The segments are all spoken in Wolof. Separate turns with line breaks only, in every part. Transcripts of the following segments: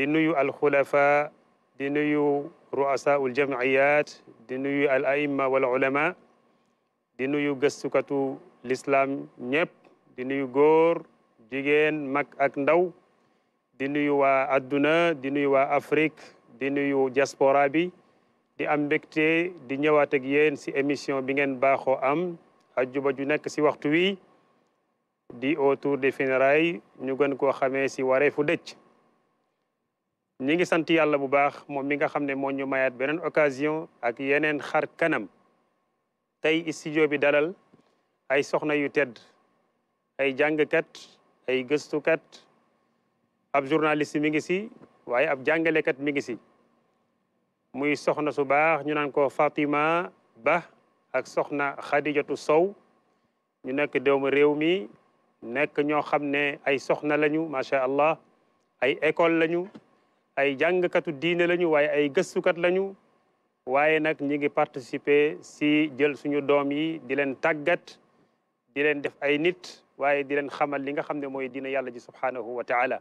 di nuyu alxulafa di nuyu ruasa ul di nuyu al aima wal di nuyu gëstukatu lislaam ñëpp di nuyu góor jigéen mag ak ndaw di nuyu waa adduna di nuyu waa Afrique di nuyu diaspora bi di am mbégte di ñëwaat ak yéen si émission bi ngeen baaxoo am ajjuba ju nekk si waxtu wi di autour des funérailles ñu gën koo xamee si wareefu dëj ñi ngi sant yàlla bu baax moom mi nga xam ne moo ñu mayaat beneen occasion ak yeneen xar kanam tey studio bi dalal ay soxna yu tedd ay jàngkat ay gëstukat ab journaliste mi ngi si waaye ab jàngalekat mi ngi si muy soxna su baax ñu naan ko fatima ba ak soxna xadijatu sow ñu nekk dewm réew mi nekk ñoo xam ne ay soxna lañu macha allah ay école lañu ay jàngkatu diine lañu waaye ay gëstukat lañu waaye nag ñi ngi participer si jël suñu doom yi di leen tàggat di leen def ay nit waaye di leen xamal li nga xam ne mooy diine yàlla ji subhaanahu wa taala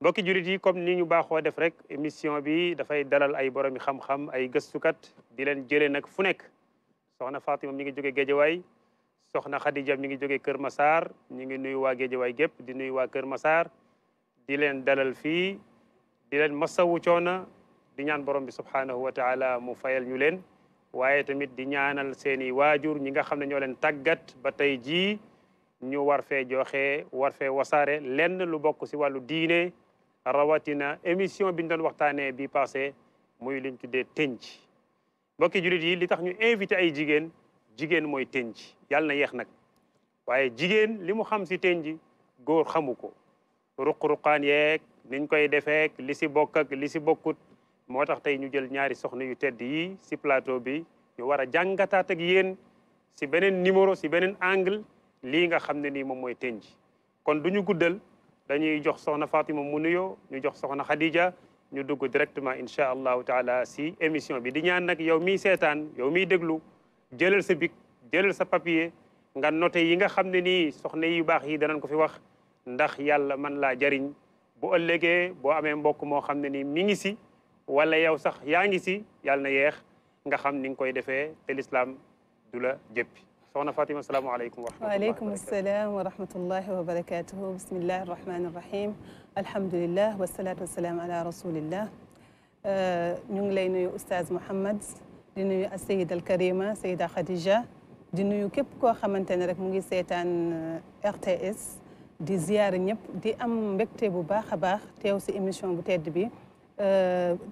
mbokki jurit yi comme ni ñu baaxoo def rek émission bi dafay dalal ay boromi xam-xam ay gëstukat di leen jëlee nag fu nekk soxna Fatima mi ngi jóge Géejawaay soxna Khadija mi ngi jóge Kër Masaar ñi ngi nuyu waa Géejawaay gépp di nuyu waa Kër Masaar di leen dalal di leen masawu coona di ñaan borom bi subhaanahu wa taala mu fayal ñu leen waaye tamit di ñaanal seeni waajur ñi nga xam ne ñoo leen tàggat ba tey jii ñu war fee joxe war fee wasaare lenn lu bokk si wàllu diine rawatina émission bi ñu doon waxtaanee bi passé muy liñ tuddee tënc mbokki jullit yi li tax ñu invité ay jigéen jigéen mooy tënc yàlla na nag waaye jigéen limu mu xam si tënc góor xamu ko ruq-ruqaan yeeg niñ koy defee li si bokk ak li si bokkut moo tax tey ñu jël ñaari soxna yu tedd yi si plateau bi ñu war a jàngataat ak yéen si beneen numéro si beneen angle lii nga xam ne nii moom mooy tenj kon duñu guddal dañuy jox soxna Fatima mu nuyoo ñu jox soxna Khadija ñu dugg directement incha allahu taala si émission bi di ñaan nag yow mii seetaan yow mii déglu jëlal sa bik jëlal sa papier nga noté yi nga xam ne nii soxna yu baax yi danañ ko fi wax ndax yàlla man laa jariñ bu ëllëgé bo amé mbokk mo xamné ni mi ngi ci wala yow sax yaa ngi ci yàlla na yéx nga xam ni ngi koy défé te l'islam du la jëppi soxna Fatima salaamaaleykum wa
waaleykum salaam wa rahmatullahi wa barakatuh bismillahir rahmanir rahim alhamdulillah wa salatu wassalam ala rasulillah ñu ngi lay nuyu oustaz mohammed di nuyu sayyida sayida alkarima sayyida Khadija di nuyu képp koo xamante ne rek mu ngi seetaan RTS di ziar ñëpp di am mbégte bu baax a baax teew si émission bu tedd bi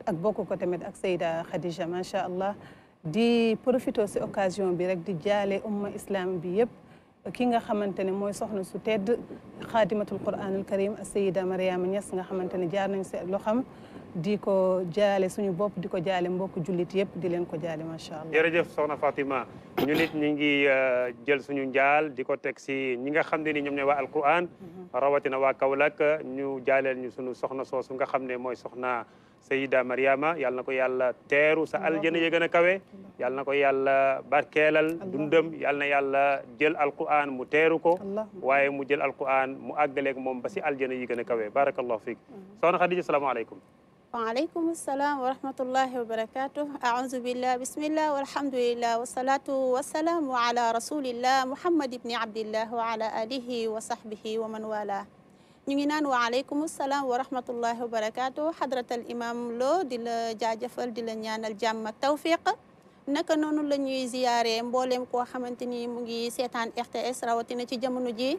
ak bokk ko tamit ak Seyda Khadija macha allah di profito si occasion bi rek di jalé umma islam bi yep ki nga xamante ne mooy soxna su tedd xaadimatul quranul karim Seyda Mariama Niass nga xamante ne jaar nañ si loxam di ko jaale suñu bopp di ko jaale mbokk jullit yëpp di leen ko jaale macha allah.
jërëjëf soxna Fatima ñu nit ñi ngi euh, jël suñu njaal di ko teg si ñi nga xam ne ni ñoom ñooy waa mm-hmm. rawatina waa Kaolack ñu jaaleel ñu suñu soxna soosu nga xam ne mooy soxna Sayida Mariama yàlla na ko yàlla teeru sa aljana ya gën a kawe yàlla na ko yàlla barkeelal dundam yàlla na yàlla jël alquran mu teeru ko waaye mu jël alquran mu àggaleeg moom ba si aljana yi gën a kawe barakallahu fiik mm-hmm. soxna Xadija salaamaaleykum
وعليكم السلام ورحمة الله وبركاته أعوذ بالله بسم الله والحمد لله والصلاة والسلام على رسول الله محمد بن عبد الله وعلى آله وصحبه ومن والاه نينان وعليكم السلام ورحمة الله وبركاته حضرة الإمام لو دل جاجفل دل نيان الجامع التوفيق نك نونو زياره مبولم كو خامتيني موغي سيتان اختي اس راوتينا سي جي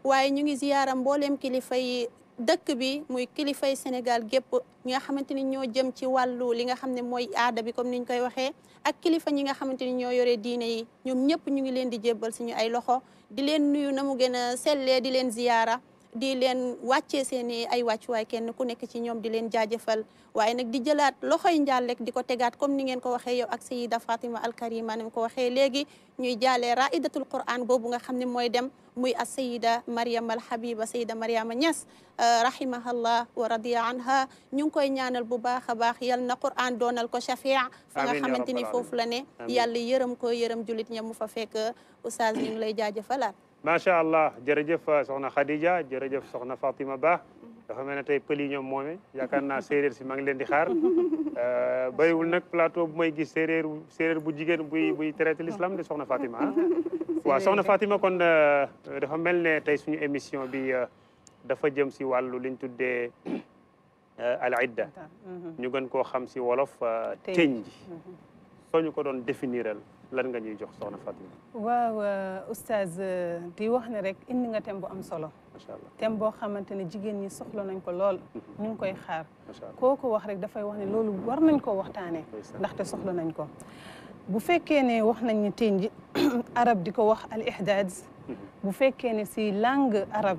واي نيغي زياره مبولم كليفه dëkk bi muy kilifa yi Sénégal gépp ñi nga xamante ni ñoo jëm ci wàllu li nga xam ne mooy aada bi comme niñ koy waxee ak kilifa ñi nga xamante ni ñoo yore diine yi ñoom ñëpp ñu ngi leen di jébbal suñu ay loxo di leen nuyu na mu gën a sellee di leen ziyaara di leen wàccee seen i ay wàccuwaay kenn ku nekk ci ñoom di leen jaajëfal waaye nag di jëlaat loxo yi rek di ko tegaat comme ni ngeen ko waxee yow ak sayida Fatima Alkarima ni ko waxee léegi ñuy jaalee raidatul Quran boobu nga xam ne mooy dem muy as sayida Mariam al Habiba sayida Mariama Niass euh, rahimahallah wa radiya anha ñu ngi koy ñaanal bu baax a baax yal na Quran doonal ko shafia fa nga xamante ni foofu la ne yàlla yërëm ko yërëm julit ña mu fa fekk oustaz ñu ngi lay jaajëfalaat
Masha Allah, jerejef soxna Khadija, jerejef soxna Fatima Ba. Dafa melni tay peli ñom momé, yakar na sérère ci ma ngi leen di xaar. Euh bayiwul nak plateau bu may gis sérère sérère bu jigen bu bu traité l'islam de soxna Fatima. Wa soxna Fatima kon dafa melni eh, tay suñu émission bi dafa jëm ci walu liñ tuddé al-idda. Ñu mhm. gën ko xam ci wolof eh, teñ. Mhm. Soñu ko doon définiral. lan nga ñuy jox soxna Fatou
waaw oustaz di wax ne rek indi nga tem bu am solo machallah tem bo xamanteni jigen ñi soxlo nañ ko lool ñu ngi koy xaar koku wax rek da fay wax ne loolu war nañ ko waxtane ndax te soxlo nañ ko bu fekkee ne wax nañ ni teen ji arab di ko wax al ihdad bu fekkee ne si langue arab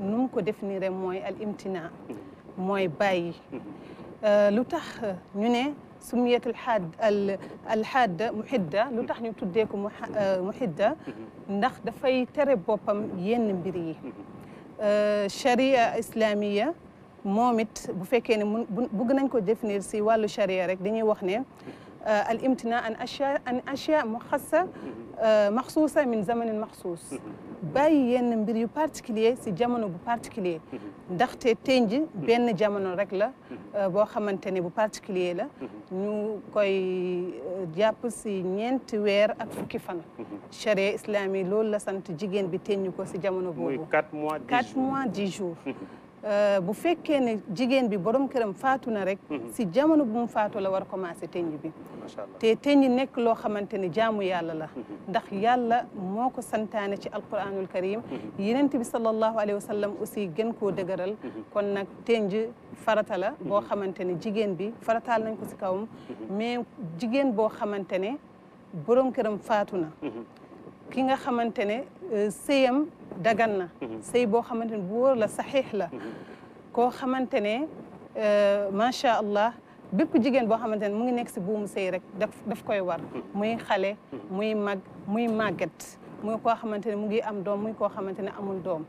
nu mu ko définir mooy al imtina mooy bàyyi lu tax ñu ne سميت الحاد الحادة محدة لوتاخ ني توديكو آه، محدة نخ دا فاي تري ين مبيري آه، شريعة إسلامية موميت بو فيكيني بوغ نانكو ديفينير سي والو شريعة ريك دي ني عن اشياء عن اشياء مخصصة آه، مخصوصة من زمن مخصوص bàyyi yenn mbir yu particulier si jamono bu particulier mhm. ndaxte tenj mhm. benn jamono rek la mhm. euh, boo xamante bu particulier la ñu koy euh, jàpp si ñeenti weer ak fukki la sant jigen bi yu ko jamono boobu quatre
mois dix jours
Euh, bu fekkee ne jigéen bi borom këram faatu na rek mhm. si jamono bu mu faatu la war a commencé teññ bi te tenji nekk loo xamante ne jaamu yàlla la mhm. ndax yàlla moo ko santaane ci alquranul karim mhm. yenent bi sallallahu alayhi wa sallam aussi gën koo dëgëral kon nag teññ farata la boo xamante ne jigéen bi farataal nañ ko si kawam mais jigéen boo xamante ne borom këram faatu na ki nga xamante ne euh, sëyam dagan na mm-hmm. sëy boo xamante ne bu wóor la saxiix la mm-hmm. koo xamante ne euh, macha allah bépp jigéen boo xamante ne mu ngi nekk si buumu sëy rek daf daf koy war mm-hmm. muy xale muy mag muy màgget muy koo xamante ne mu ngi am doom muy koo xamante ne amul doom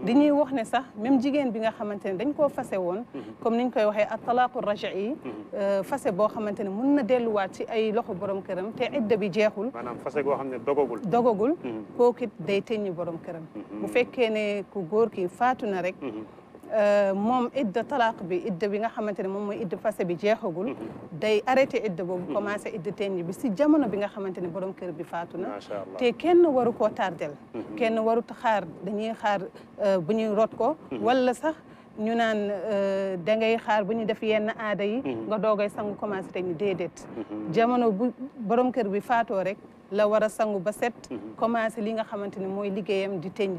di dañuy wax ne sax même jigéen bi nga xamante ne dañ koo fase woon mhm. comme niñ koy waxee ak talaaqu raja yi mhm. euh, fase boo xamante ne mun na delluwaat ci ay loxo borom këram te idda bi jeexul maanaam fase goo
xam ne dogagul
dogagul mhm. kookit day teññi borom këram bu fekkee ne ku góor ki faatu na rek Euh, moom idda talaaq bi idda bi nga xamante ne moom mooy idda fase bi jeexagul day arrêté idda boobu commencé idda teen bi si jamono bi nga xamante ne borom kër bi faatu na te kenn waru koo tardel mhm. kenn ta xaar dañuy xaar euh, bu ñuy root ko mhm. wala sax ñu naan euh, da ngay xaar bu ñu def yenn aada yi mhm. nga doogay sangu commencé te ñu déedéet jamono bu borom kër bi faatoo rek la war a sangu ba set mhm. li nga xamante ne mooy liggéeyam di tënj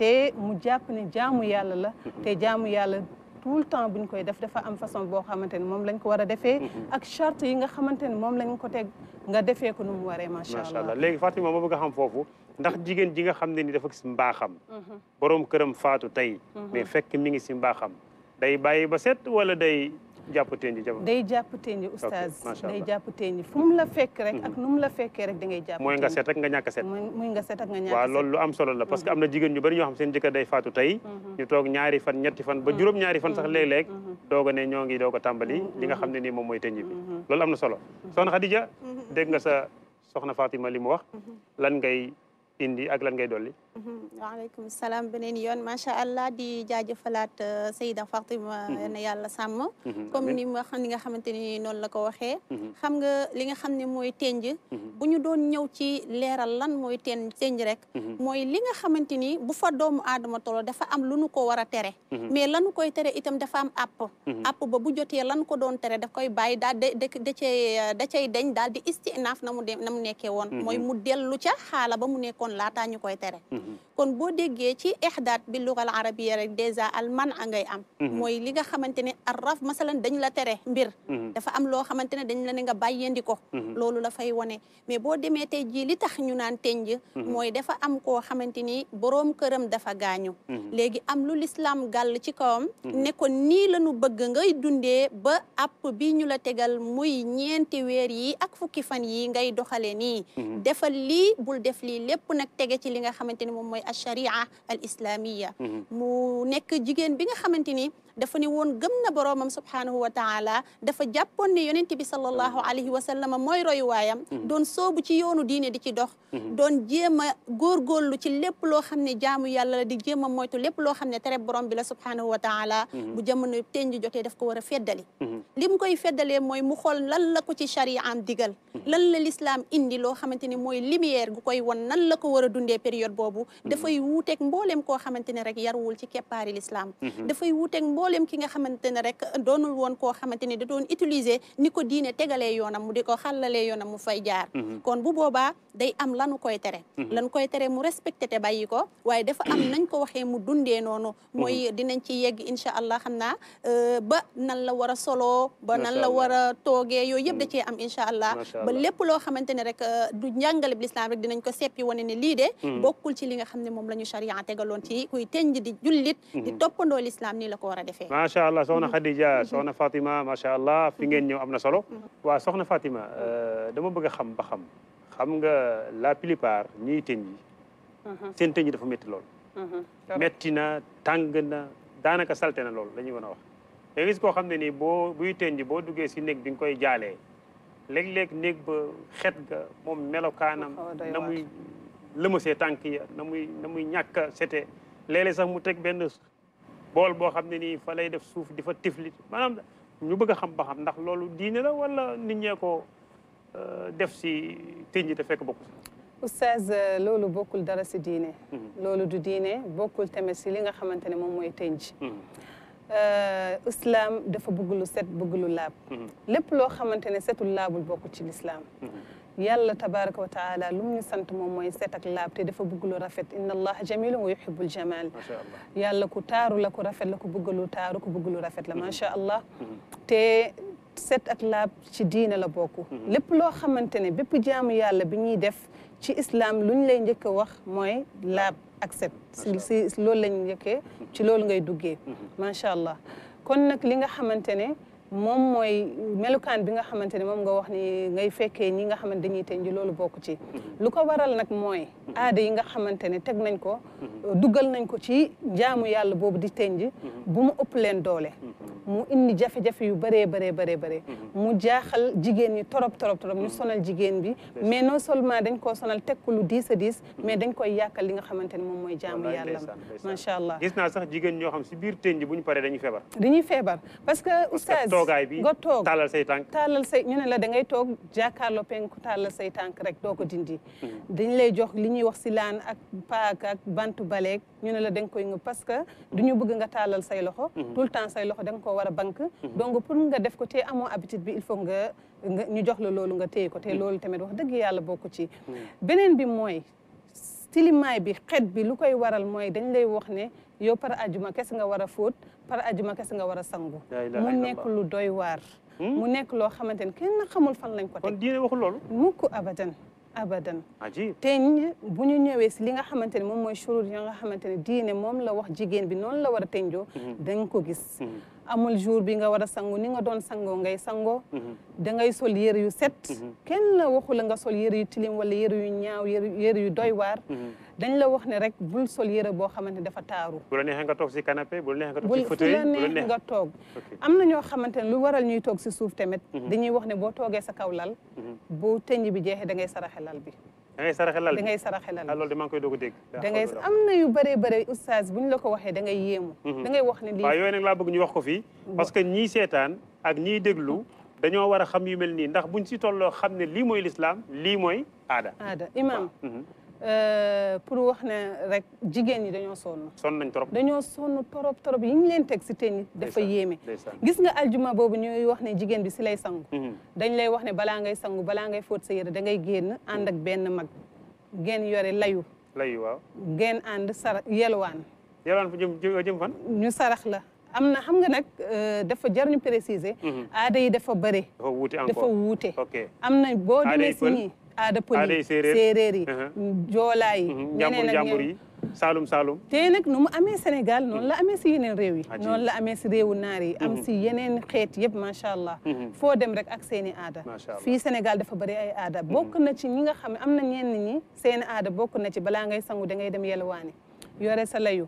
te mu jàpp ne jaamu yàlla la mhm. te jaamu yàlla tout le temps bu koy def dafa am façon boo xamante ne moom lañ ko war a defee mhm. ak charte yi nga xamante ne moom lañ ko teg nga defee ko nu mu waree macha allah léegi
Fatima ma bëgg a xam foofu ndax jigéen ji nga xam ne ni dafa gis mbaaxam borom këram faatu tey mais fekk mi ngi si mbaaxam day bàyyi ba set day jàpp teen ji day
jàpp teen ji oustaz day jàpp teen ji fu mu la fekk rek ak mhm. da ngay jàpp mooy nga
set ak nga ñàkk set muy nga lu am solo la parce que am na mhm. jigéen ñu bari ñoo xam seen jëkkër day faatu tey mhm. ñu toog ñaari fan ñetti fan ba juróom ñaari fan sax léeg-léeg a a tàmbali am na solo soxna Khadija dégg nga soxna Fatima li mu wax lan ngay indi ak lan ngay dolli.
Mhm. waaleykum salaam beneen yoon macha allah di jaajëfalaat euh, Seyda Fatima mhm. na yàlla sàmm. Mhm. comme ni ma xam ni nga xamante ni noonu la ko waxee. xam nga li nga xam ne mooy tenj. bu ñu doon ñëw ci leeral lan mooy ten tenj rek. mooy li nga xamante ni bu fa doomu aadama tolo dafa am lu nu ko war a tere. mais lanu koy tere itam dafa am app. app ba bu jotee lan ko doon tere daf koy bàyyi daal de da cay euh, da cay deñ daal di istinaaf na mu de na mu nekkee woon. mooy mu dellu ca xaala ba mu nekkoon nekkoon laataa ñu koy tere mhm. kon boo déggee ci ixdaat bi lugal arabiya rek dèjà alman a ngay am mhm. mooy li nga xamante ne arraf masalan dañ la tere mbir mhm. dafa am loo xamante ne dañ la ne nga bàyyandi ko loolu la fay wone mais boo demee tey jii li tax ñu naan tenj mooy dafa am koo xamante ni boroom këram dafa gaañu léegi am lu lislaam gàll ci kawam nekkoon ko nii la ñu bëgg ngay dundee ba app bi ñu la tegal muy ñeenti weer yi ak fukki fan yi ngay doxale nii defal lii bul def nak nag tege ci li nga xamanteni mom moy mooy sharia al islamiyya mu nek jigen bi nga xamanteni دفني وون جمنا برامم سبحانه وتعالى دف جابون ني يونت بي صلى الله عليه وسلم موي روي وايام دون صوب تي يونو ديني دي تي دوخ دون جيما غور غول تي ليپ لو خامني جامو يالا دي جيما مويتو ليپ لو خامني تري بروم بي لا سبحانه وتعالى بو جامنو تينجي جوتي داف كو ورا فيدالي ليم كوي في موي مو خول لان لا كو تي شريعه ام ديغال لان الاسلام اندي لو خامتيني موي ليميير غو كوي وون نان لا كو ورا دوندي بيريود بوبو دافاي ووتيك مبولم كو خامتيني رك يارول تي كيباري الاسلام دافاي ووتيك mboolem ki nga xamante ne rek doonul woon koo xamante ne da doon utiliser ni ko diine tegalee yoonam mu di ko xàllalee yoonam mu fay jaar mhm. kon bu boobaa day am lanu koy tere mhm. lan koy tere mu respecté bàyyi ko waaye dafa am mhm. nañ ko waxee mu dundee noonu mooy dinañ ci yegg incha allah xam naa euh, ba nan la war a soloo ba nan la war a toogee yooyu yëpp da cee am incha allah ba lépp loo xamante ne rek euh, du jàngale bi lislaam rek dinañ ko seppi wone ne lii de bokkul ci li nga xam ne moom la ñu charia tegaloon ci kuy tenj di jullit di toppandoo lislaam nii la ko war a def defee
macha allah soxna mm-hmm. Khadija mm-hmm. soxna Fatima macha allah fi ngeen ñëw am na solo mm-hmm. waa soxna Fatima euh, dama bëgg xam ba xam xam nga la plupart ñiy tëñ
yi seen
tëñ dafa métti lool métti na tàng na daanaka salte na lool la wan a wax da gis koo xam ne nii boo buy tëñ boo duggee si néeg bi nga koy jaalee léeg-léeg néeg ba xet ga moom melokaanam oh, na muy lëmasee tànk ya na muy na muy ñàkk a sete léeg sax mu teg benn bool boo xam ne nii fa lay def suuf di fa tifli maanaam ñu bëgg a xam ba xam ndax loolu diine la wala nit ñee ko euh, def si tënji te fekk bokkul.
oustaz euh, loolu bokkul dara si diine. Mhm. loolu du diine bokkul tamit si li nga xamante ne moom mooy tënj. Mhm. Euh, islam dafa bëgg lu set bëgg lu laab. Mhm. lépp loo xamante ne setul laabul bokk ci lislaam يلا تبارك وتعالى لمن سنت مومي ستك لاب تي دافا بوغلو رافيت ان الله جميل ويحب الجمال ما شاء الله يلا كو تارو لاكو رافيت لاكو بوغلو تارو كو بوغلو رافيت لا ما شاء الله تي ست اك لاب سي دين لا بوكو ليب لو خامتاني بيب جام يالا بي ني ديف سي اسلام لون لاي نيك واخ موي لاب اكسبت سي لول لا نيكي سي لول غاي دوغي ما شاء الله كون نك ليغا خامتاني moom mooy melukaan bi nga xamante ne moom nga wax ni ngay fekkee ñi nga xamante dañuy tënj loolu bokku ci lu ko waral nag mooy aada yi nga xamante ne teg nañ ko mhm. dugal nañ ko ci njaamu yàlla boobu di tënj mhm. bu mu ëpp leen doole mhm. mu indi jafe-jafe yu bëree bëree bëree bëree mm-hmm. mu jaaxal jigéen ñi torop torop torop ñu sonal jigéen bi mais non seulement dañ koo sonal teg ko lu diis a mm-hmm. mais dañ koy yàqal li nga xamante ne moom mooy jaamu yàlla
macha allah gis naa sax jigéen ñoo xam si biir tënj ji bu pare dañu dañuy feebar
dañuy feebar parce que oustaz bi nga
toog taalal say tànk
taalal say ñu ne la da ngay toog jàkkaarloo penku taalal say tànk rek doo ko dindi mm-hmm. dañ lay jox li ñuy wax si laan ak paak ak bantu baleeg ñu ne la da nga koy parce que du ñu bëgg nga taalal say loxo tout loxo da ko war a bank mhm. donc pour nga def ko te amoo habitude bi il faut nga nga ñu jox la loolu nga téye ko te mhm. loolu tamit wax dëgg yàlla bokk ci mhm. beneen bi mooy tilimaay bi xet bi lu koy waral mooy dañ lay wax ne yow par ajuma kese nga war a fóot par ajuma kese nga war a sangu mu nekk lu doy waar hmm? mu nekk loo xamante ne kenn xamul fan lañ ko teg kon diine waxul loolu mukk abadan abadan te bu ñu ñëwee si li nga xamante ne moom mooy churur ya nga xamante ne diine moom la wax jigéen bi noonu la war a tenjoo hmm. dañ ko amul jour bi nga war a sangu ni nga doon sangoo ngay sangoo mhm. dangay sol yëre yu set mhm. kenn la waxu la nga sol yére yu tilim wala yëre yu ñaaw yëre yu doy waar mhm. dañ la wax ne rek bul sol yére boo xamante ne dafa taaru
bu a neexee nga toog si canapé bu la neexee nga toog nga
toog am na ñoo xamante ne lu waral ñuy toog si suuf tamit dañuy wax ne boo toogee sa kaw lal boo tëñ bi jeexee da ngay saraxe lal bi
da ngay saraxe lal da ngay saraxe lal loolu de maa ngi koy doog a dégg da ngay am
na yu bëree bëri oustaz bu ñu la ko waxee da ngay yéemu da ngay wax ne lii waaw yooyu
nag laa bëgg ñu wax ko fii parce que ñii seetaan ak ñii déglu dañoo war a xam yu mel nii ndax buñ si tolloo xam ne lii mooy lislaam lii mooy aada
aada imaam Euh, pour wax ne rek jigéen ñi dañoo sonn.
sonn nañ trop dañoo
sonn trop trop yi ñu leen teg si te ni dafa yéeme. gis nga aljuma boobu ñu wax ne jigéen bi si lay sangu. Mhm. dañ lay wax ne balaa ngay sangu balaa ngay fóot sa yére da ngay génn ànd ak benn mag ngeen yore layu. layu waaw ngeen ànd sara yelwaan.
yelwaan fu jëm fan.
ñu sarax la am na xam nga nag euh, dafa jar ñu préciser. Mhm. aada yi dafa bëri. dafa wuute am na boo demee si ñii aada pël yi séeréer yi
uh-huh.
joolaa yi uh-huh. ñeneen ak ñeneen
saalum saalum
te nag nu mu amee Sénégal noonu la hmm. ame si yeneen réew yi noonu la amee si réewu naar yi am hmm. si yeneen xeet yëpp macha allah hmm. foo dem rek ak seen i aada fii Sénégal dafa bëri ay aada bokk na ci ñi nga xam ne am na ñenn ñi seen aada bokk na ci balaa ngay sangu da ngay dem yelwaani yore sa layu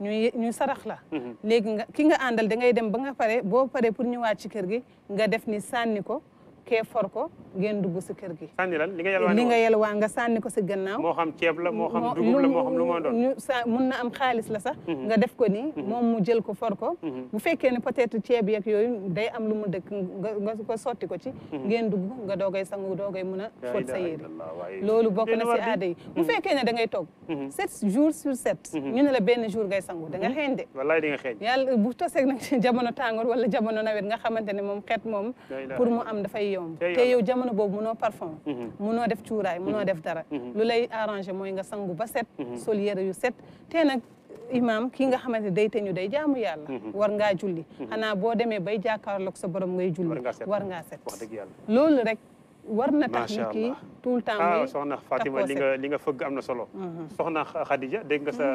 ñu ñu sarax la léegi nga ki nga àndal da ngay dem ba nga pare boo pare pour ñëwaat ci kër gi nga def ni sànni ko kee for ko ngeen dugg si kër gi.
li nga yelwaan nga
yelwaan ko si gannaaw. moo xam ceeb la moo xam dugub ma doon. mun na am xaalis la sax. Mhm. nga def ko nii mhm. moom mu jël ko for mhm. bu fekkee ne peut-être ceeb yeeg yooyu day am lu mu dëkk nga nga ko sotti ko ci. ngeen dugg nga doogay sangu doogay mun a. fóot sa yére loolu bokk na si aada yi. bu fekkee ne da ngay toog. sept jours sur sept. ñu ne la benn jour ngay sangu da nga xeeñ de. wallaay di nga xeeñ. yàlla bu toseeg nag jamono tàngoor wala nga xamante ne moom xeet yomb te yow jamono boobu munoo parfum mhm. munoo def cuuraay mhm. munoo def dara mhm. lu lay arrangé mooy nga sangu ba set sol yére yu set te nag imam kii nga xamante day te ñu day jaamu yàlla war ngaa julli xanaa boo demee bay jàkkaarloog sa borom ngay julli war ngaa set loolu rek war na tax ñu kii tout le temps ah, soxna Fatima li nga
li nga fëgg am na solo soxna Khadija dégg nga sa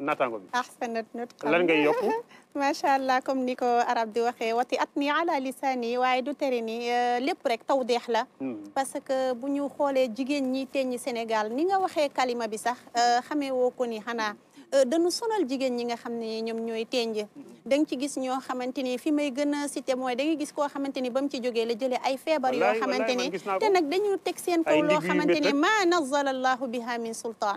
ناتانغو بي
احسن نطق لان غي يوكو ما شاء الله كوم نيكو عرب دي واخي واتي على لساني وايدو تريني آه، ليب رك توضيح لا باسكو آه، بو نيو خوله جيجين ني تيني سينيغال نيغا واخي كلمه بي صح آه، خامي ووكو حنا Euh, de nous sonal jigen ñi nga xamni ñom ñoy téñje dang ci gis ño xamanteni fi may gëna cité moy da ngay gis ko xamanteni bam ci joggé la jëlé ay fièvre yo xamanteni té nak dañu tek seen ko lo xamanteni ma nazzala Allah biha min sultan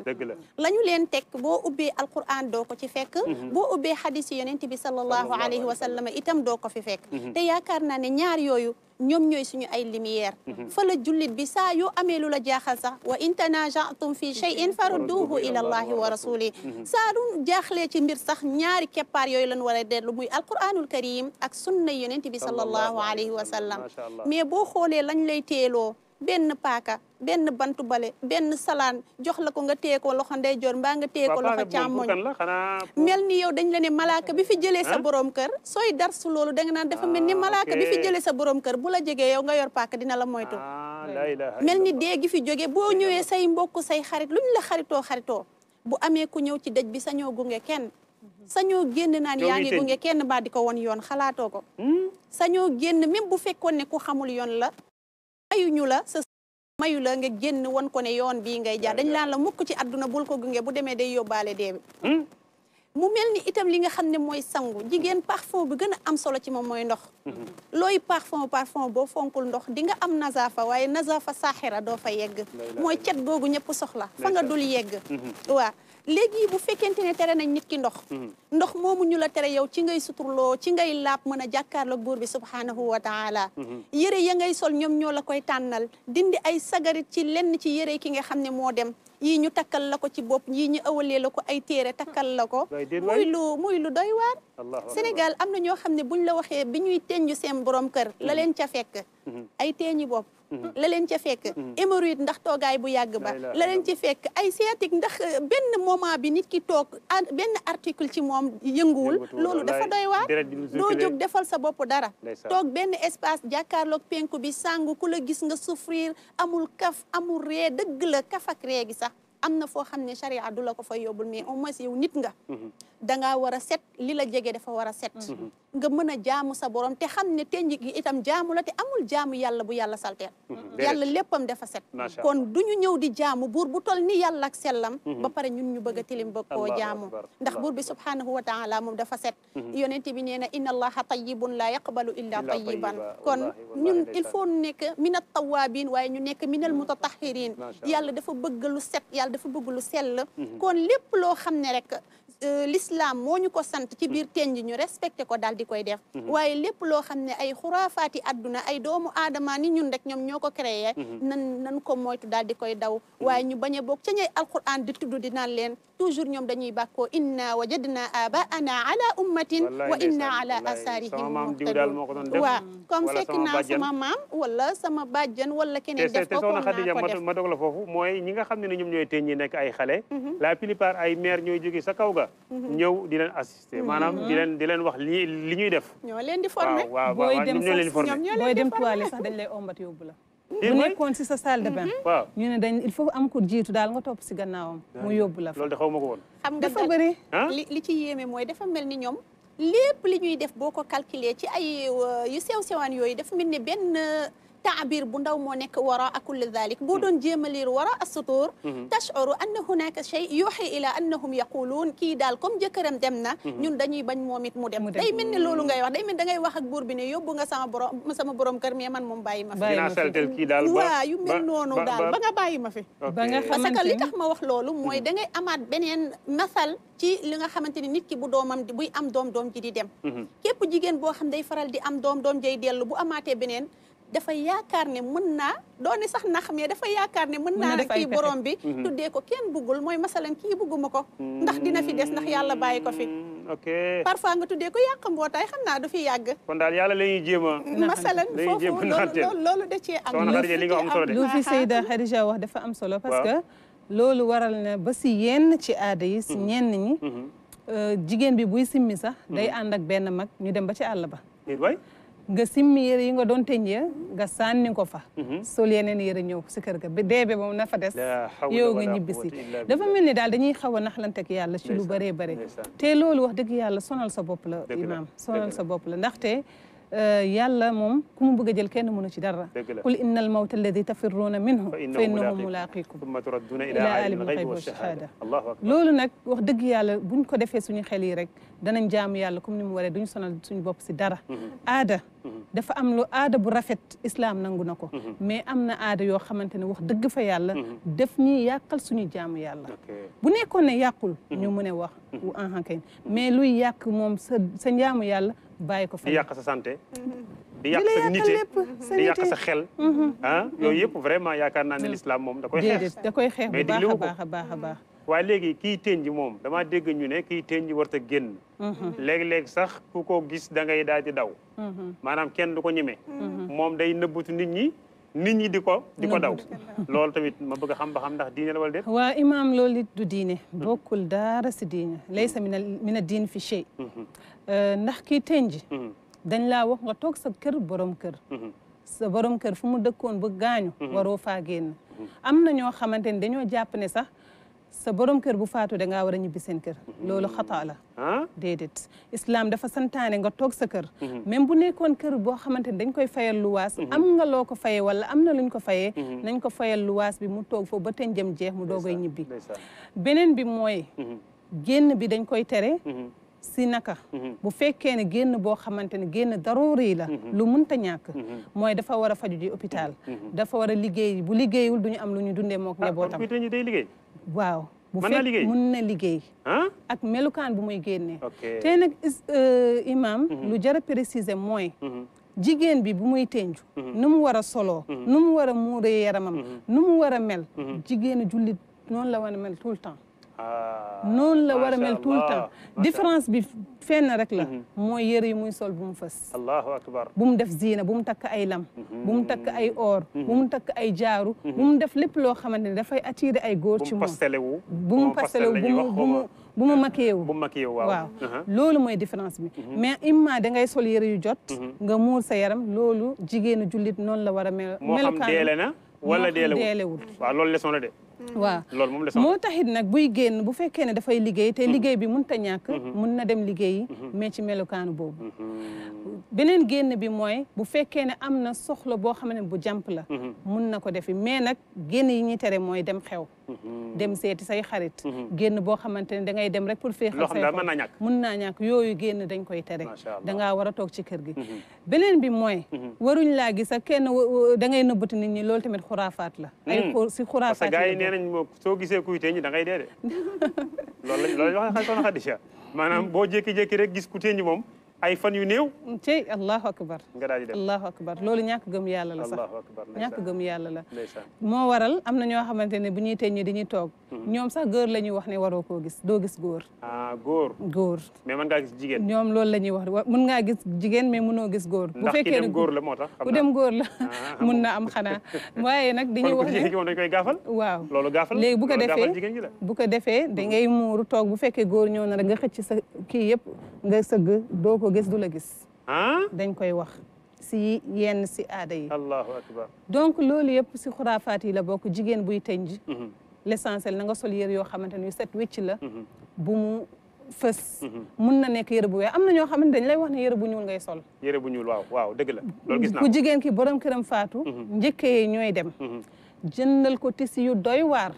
lañu leen tek bo ubbé alquran do ko ci fekk mhm. bo ubbé hadith yenenbi sallallahu alayhi wa sallam itam do ko fi fekk mhm. té yaakar na né ñaar yoyu ñom ñoy suñu ay lumière fa la jullit bi sa yu amé lu la jaxal sax wa in tanajatum fi shay'in farudduhu ila allahi wa rasuli sa lu jaxlé ci mbir sax ñaari képar yoy lan wara a dellu muy alquranul karim ak sunna yonnati bi sallallahu alayhi wa sallam mais bo xolé lañ lay télo benn paaka benn bantu bale benn salaan jox la ko nga téye ko loxo ndeyjoor mbaa nga téye ko loxo càmmoñ mel ni yow dañ la ne malaaka bi fi jëlee sa borom kër sooy dar su loolu da nga naan dafa mel ni ah, malaaka bi fi jëlee sa borom kër bu la jegee yow nga yor paaka dina la moytu
ah, mel ni
dee gi fi jóge boo ñëwee say mbokk say xarit luñ la xaritoo xaritoo bu amee ku ñëw ci daj bi sa sañoo gunge kenn sañoo génn naan yaa ngi gunge kenn baa di ko woon yoon xalaatoo ko hmm? sañoo génn même bu fekkoon ne ku xamul yoon la mayuñu la sa mayu la nga génn won ko ne yoon bii ngay jaar dañ laan la mukk ci àdduna bul ko gunge bu demee day yóbbaale dee bi hmm? mu mel ni itam li nga xam ne mooy sangu jigéen parfum bi gën a am solo ci moom mooy ndox mm-hmm. looy parfum parfum boo fonkul ndox di nga am nazafa waaye nazafa saaxira doo fa yegg mooy cet googu ñëpp soxla fa nga dul yegg mm-hmm. waa léegi bu fekkee fekkente ne tere nañ nit ki ndox mm-hmm. ndox moomu ñu la tere yow ci ngay suturloo ci ngay laab mën a jàkkaarloog buur bi subhaanahu wa taala mm-hmm. yëre ya ngay sol ñoom ñoo la koy tànnal dindi ay sagarit ci lenn ci yëre ki nga xam ne moo dem yii ñu takkal la ko ci bopp yii ñu awalee la ko ay téere takkal la ko muy lu muy lu doy waar Sénégal am na ñoo xam ne buñ la waxee bi ñuy teñju seen boroom kër la leen ca fekk mhm. ay teeñi bopp mhm. la leen ca fekk mhm. hémorroïde ndax toogaay bu yàgg ba la leen ci fekk ay sciatique ndax euh, benn moment bi nit ki toog benn article ci moom yënguwul loolu dafa doy waar doo jóg defal sa bopp dara toog benn espace jàkkaarlook penku bi sàngu ku la gis nga souffrir amul kaf amul ree dëgg la gi sax am na foo xam ne charia du la ko fo yóbbul mais au moins yow nit nga mm-hmm. da ngaa war set li la jege dafa war a set mm-hmm. nga mën a jaamu sa borom te xam ne tenj gi itam jaamu la te amul jaamu yàlla bu yàlla salteel mhm. yàlla léppam dafa set kon du ñu ñëw di jaamu buur bu tol ni yàlla ak sellam mhm. ba pare ñun ñu bëgg tilim bëgg koo jaamu ndax buur bi subhaanahu wa taala moom dafa set mhm. yonent bi nee na inna allaha tayyibun la yaqbalu illa tayyiban kon ñun il faut nekk min al tawaabin waaye ñu nekk min al mutatahirin yàlla dafa bëgg lu set yàlla dafa bëgg lu sell kon lépp loo xam ne rek Euh, l'islam moo ñu ko sant ci biir ji ñu respecté ko daal di koy def mhm. waaye lépp loo xam ne ay xuraafaati adduna ay doomu aadama ni ñun rek ñoom ñoo ko créé mhm. nan nan ko moytu daal di koy daw mhm. waaye ñu bañ a bokk ca ñay alquran di tudd di naan leen toujours ñoom dañuy bàkkoo inna wajadna abaana ala ummatin wa inna ala asaarihim
muqtadun waaw comme fekk naa sama
maam wala sama bàjjan wala
keneen def ko soxna Khadija ma dog la foofu mooy ñi nga xam ne ne ñoom ñooy teen ñi nekk ay xale la plupart ay maire ñooy jóge sa kaw ga ñëw di leen assister maanaam di leen di leen wax li li ñuy def
ñoo leen di former waaw waaw ñoom ñoo leen di former booy dem toilette sax dañ lay ombat yóbbu la Eh, bu nekkoon si sa salle de bain. Mhm. waaw ñu ne dañ il faut am ko jiitu daal nga topp si gannaawam. mu yóbbu la fa loolu de ma ko woon. xam nga dafa bëri. li li ci yéeme mooy dafa mel ni ñoom. lépp li ñuy def boo
ko calculer ci ay euh, yu sew sewaan yooyu dafa mel ni benn. taabir bu ndaw moo nekk a kulli dhalik boo doon jéem a liir wara assutur tashuru anna hunaka shay yuuxi ila annahum yaquluun kii daal comme jëkkëram dem na ñun dañuy bañ moom it mu dem day mel ni loolu ngay wax day mel da ngay wax ak buur bi ne yóbbu nga sama borom sama borom kër mais man moom bàyyi ma fi dinaa saltel kii daal waaw daal ba nga bàyyi ma fi parce que li tax ma wax loolu mooy dangay ngay amaat beneen masal ci li nga xamante ni nit ki bu doomam buy am doom doom ji di dem képp jigéen boo xam day faral di am doom doom jay dellu bu amaatee beneen dafa yaakaar ne mën naa doone sax nax mais dafa yaakaar ne mën naa kii borom bi mhm. tuddee ko kenn buggul mooy masalan kii bugguma ko mhm. ndax dina fi des ndax yàlla bàyyi ko fi mhm. ok parfois nga tuddee ko yàq mbootaay xam naa
du fi yàgg
kon daal yàlla la ñuy jéem a masalan foofu loolu loolu
da cee am lu fi Seyda Khadija wax dafa am solo parce que loolu waral na ba si yenn ci aada yi si ñenn ñi euh, jigéen bi buy simmi sax day ànd ak benn mag ñu dem ba ci àll ba nga simmi yére yi nga doon teñ ya nga sànni ko fa mhm. sol yeneen yére ñëw si kër ga ba dee ba moom na des
yow nga ñibbi si
dafa mel ni daal dañuy xaw a naxlanteeg yàlla ci lu bëree bëri te loolu wax dëgg yàlla sonal sa bopp la imaam sonal sa bopp la ndaxte yàlla moom ku mu bëgg a jël kenn mënu ci dara qul inna al mawta alladi tafirruuna minhu fa innahu mulaaqikum
thumma turadduuna ila aalimi al ghaybi wa shahaada allahu akbar
loolu nag wax dëgg yàlla buñ ko defee suñu xel yi rek danañ jaamu yàlla comme ni mu waree duñu sonal suñu bopp si dara aada dafa am lu aada bu rafet islam nangu na ko mais am na aada yoo xamante ne wax dëgg fa yàlla def ñuy yàqal suñu jaamu yàlla bu nekkoon ne yàqul ñu mën a wax u anhan kay mais luy yàq moom sa sa njaamu yàlla bàyyi ko fa di yàq sa
santé. Mm-hmm. di yàq sa di yàq sa xel. Mm-hmm. ah yooyu yëpp vraiment yaakaar naa ne mm-hmm. l'islam moom da koy xeex.
da koy xeex bu baax a baax baax baax.
waaye léegi kii teen ji moom damaa dégg ñu ne kii teen ji warut a génn. léeg-léeg sax ku ko gis da ngay daal di daw. maanaam kenn du ko ñeme. moom day nëbbutu nit ñi. nit ñi di ko di ko daw loolu tamit ma bëgg a xam ba ndax diine la wala déet waa
imaam loolu it du diine hmm. bokkul daara si diine hmm. laysa min min a diin fi shay hmm. euh, ndax kii tenji dañ laa wax nga toog sa kër borom kër borom kër fu mu dëkkoon ba gaañu waroo faa génn am na ñoo xamante ne dañoo jàpp ne sax sa borom kër bu faatu da ngaa war a ñibbi seen kër loolu xataa la déedéet islam dafa santaane nga toog sa kër mhm. même bu nekkoon kër boo xamante ne dañ koy fayal luwaas mhm. am nga loo ko fayee wala am na luñ ko fayee mhm. nañ ko fayal luwaas bi mu toog foofu ba ten jëm jeex mu doogay ñibbi beneen bi mooy génn bi dañ koy tere si naka mhm. bu fekkee ne génn boo xamante ne génn daruuri la mhm. lu munta ñàkk mhm. mooy dafa war a faju ji hôpital dafa war a liggéey bu liggéeyul du ñu am lu ñu dundee mook ah, njabootam day liggéey waaw bu fekk mun na liggéey ah? ak melukaan bu muy génnee te nag euh, imam lu jar a préciser mooy jigéen bi bu muy tenju nu mu war a soloo nu mu war a muuree yaramam nu mu war a mel jigéenu jullit noonu la war a mel tout le temps Ah, noonu la war a mel tout le temps différence bi na rek la mooy yëre yi muy sol bu
mu fës allahu bu
mu def ziina bu mu takk ay lam mhm. bu mu takk ay or mhm. bu mu takk ay jaaru mhm. bu mu def lépp loo xamante ne dafay attirer ay góor ci moom
bu mu pastelewu bu mu bu mu bu mu bu mu maquillé wu waaw
loolu mooy différence bi mais imma da ngay sol yëre yu jot nga muur sa yaram loolu jigéenu jullit noonu la war a mel melukaan moo wala deelewul
waaw loolu leçon la de Mm-hmm. waaw loolu moom moo
taxit nag buy génn bu fekkee ne dafay liggéey te mm-hmm. liggéey bi mënut a ñàkk mm-hmm. mun na dem liggéeyi mais ci melokaanu boobu beneen génn bi mooy bu fekkee ne am na soxla boo xam ne bu jàmp la mun na ko defi mais nag génn yi ñuy tere mooy dem xew Mm-hmm. dem seeti say xarit mm-hmm. génn boo xamante ne da ngay dem rek pour féexal say mën naa ñàkk mën naa ñàkk yooyu génn dañ koy tere dangaa war a toog ci kër gi mm-hmm. beneen bi mooy waruñ laa gis a kenn da ngay nëbbati nit ñi loolu tamit la ay si xuraafaat parce que gars yi nee nañ
moo soo gisee kuy teeñ da ngay dee de loolu lañ loolu wax soxna Khadija maanaam boo jékki-jékki rek gis ku teeñ ay fan yu néew. ci allahu akbar. nga daal di dem
allahu akbar loolu ñàkk gëm yàlla la sax. ñàkk gëm yàlla la. moo waral am na ñoo xamante ne bu ñuy teññee dañuy toog. Mhm. ñoom sax góor la ñuy wax ne waroo koo
gis doo gis góor. ah góor. góor mais mën ngaa gis jigéen.
ñoom loolu la ñuy wax mën ngaa gis jigéen mais mënoo gis góor. bu fekkee ne dem góor la moo tax. ku dem góor la ah, mun na am xanaa. waaye
nag dañuy wax ne kon moom dañu koy waaw loolu gaafal léegi bu ko defee
bu ko defee da ngay muuru toog bu fekkee góor ñëw na rek nga xëcc sa kii yëpp nga sëgg doo ko gis du la gis dañ koy wax si yenn si aada yi
allahu akbar
donc loolu yëpp si xuraafaat yi la bokk jigéen buy tënj mhm. l' essentiel na nga sol yére yoo xamante ne yu set wécc la mhm. bu mu
fës mhm.
mun na nekk yére bu we am na ñoo xamante dañ lay wax ne yére bu ñuul ngay
sol yére bu ñuul waaw waaw dëgg la loolu gis naa ku jigéen ki
borom këram faatu njëkkee ñooy dem jëndal ko tisi yu doy waar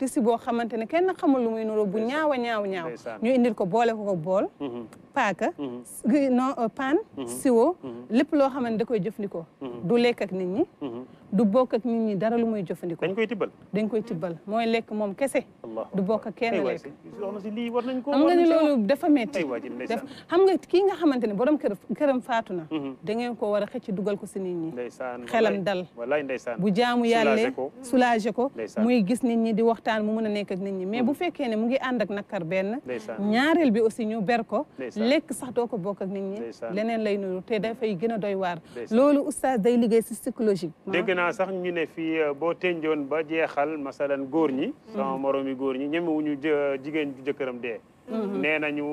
tissu boo xamante ne kenn xamul lu muy nuroo bu ñaaw a ñaaw ñaaw ñu indil ko boole ko ko bool mm-hmm. paaka mm-hmm. non euh, pan mm-hmm. siwo lépp loo xamante da koy jëfandikoo du lekk ak nit ñi du bokk ak nit ñi dara lu muy jëfandikoo dañ koy tibbal dañ koy tibbal mooy lekk moom kese du bokk ak kenn lekk
xam nga ni loolu
dafa metti def xam nga kii nga xamante borom kër këram faatu na da ko war a dugal ko si nit ñi xelam dal bu jaamu yàlla soulager ko muy gis nit ñi di waxtaan waxtaan mu mun a nekk ak nit ñi mais bu mm. fekkee ne mu ngi ànd ak nakar benn ñaareel bi aussi ñu ber ko lekk sax doo ko bokk ak nit ñi leneen lay nuru te dafay gën a doy waar loolu oustaz day liggéey si psychologique dégg
naa sax ñu ne fii euh, boo tenjoon ba jeexal masalan góor ñi mm. sama moromi góor ñi ñemewuñu jigéen ju jëkkëram dee mm-hmm. nee nañu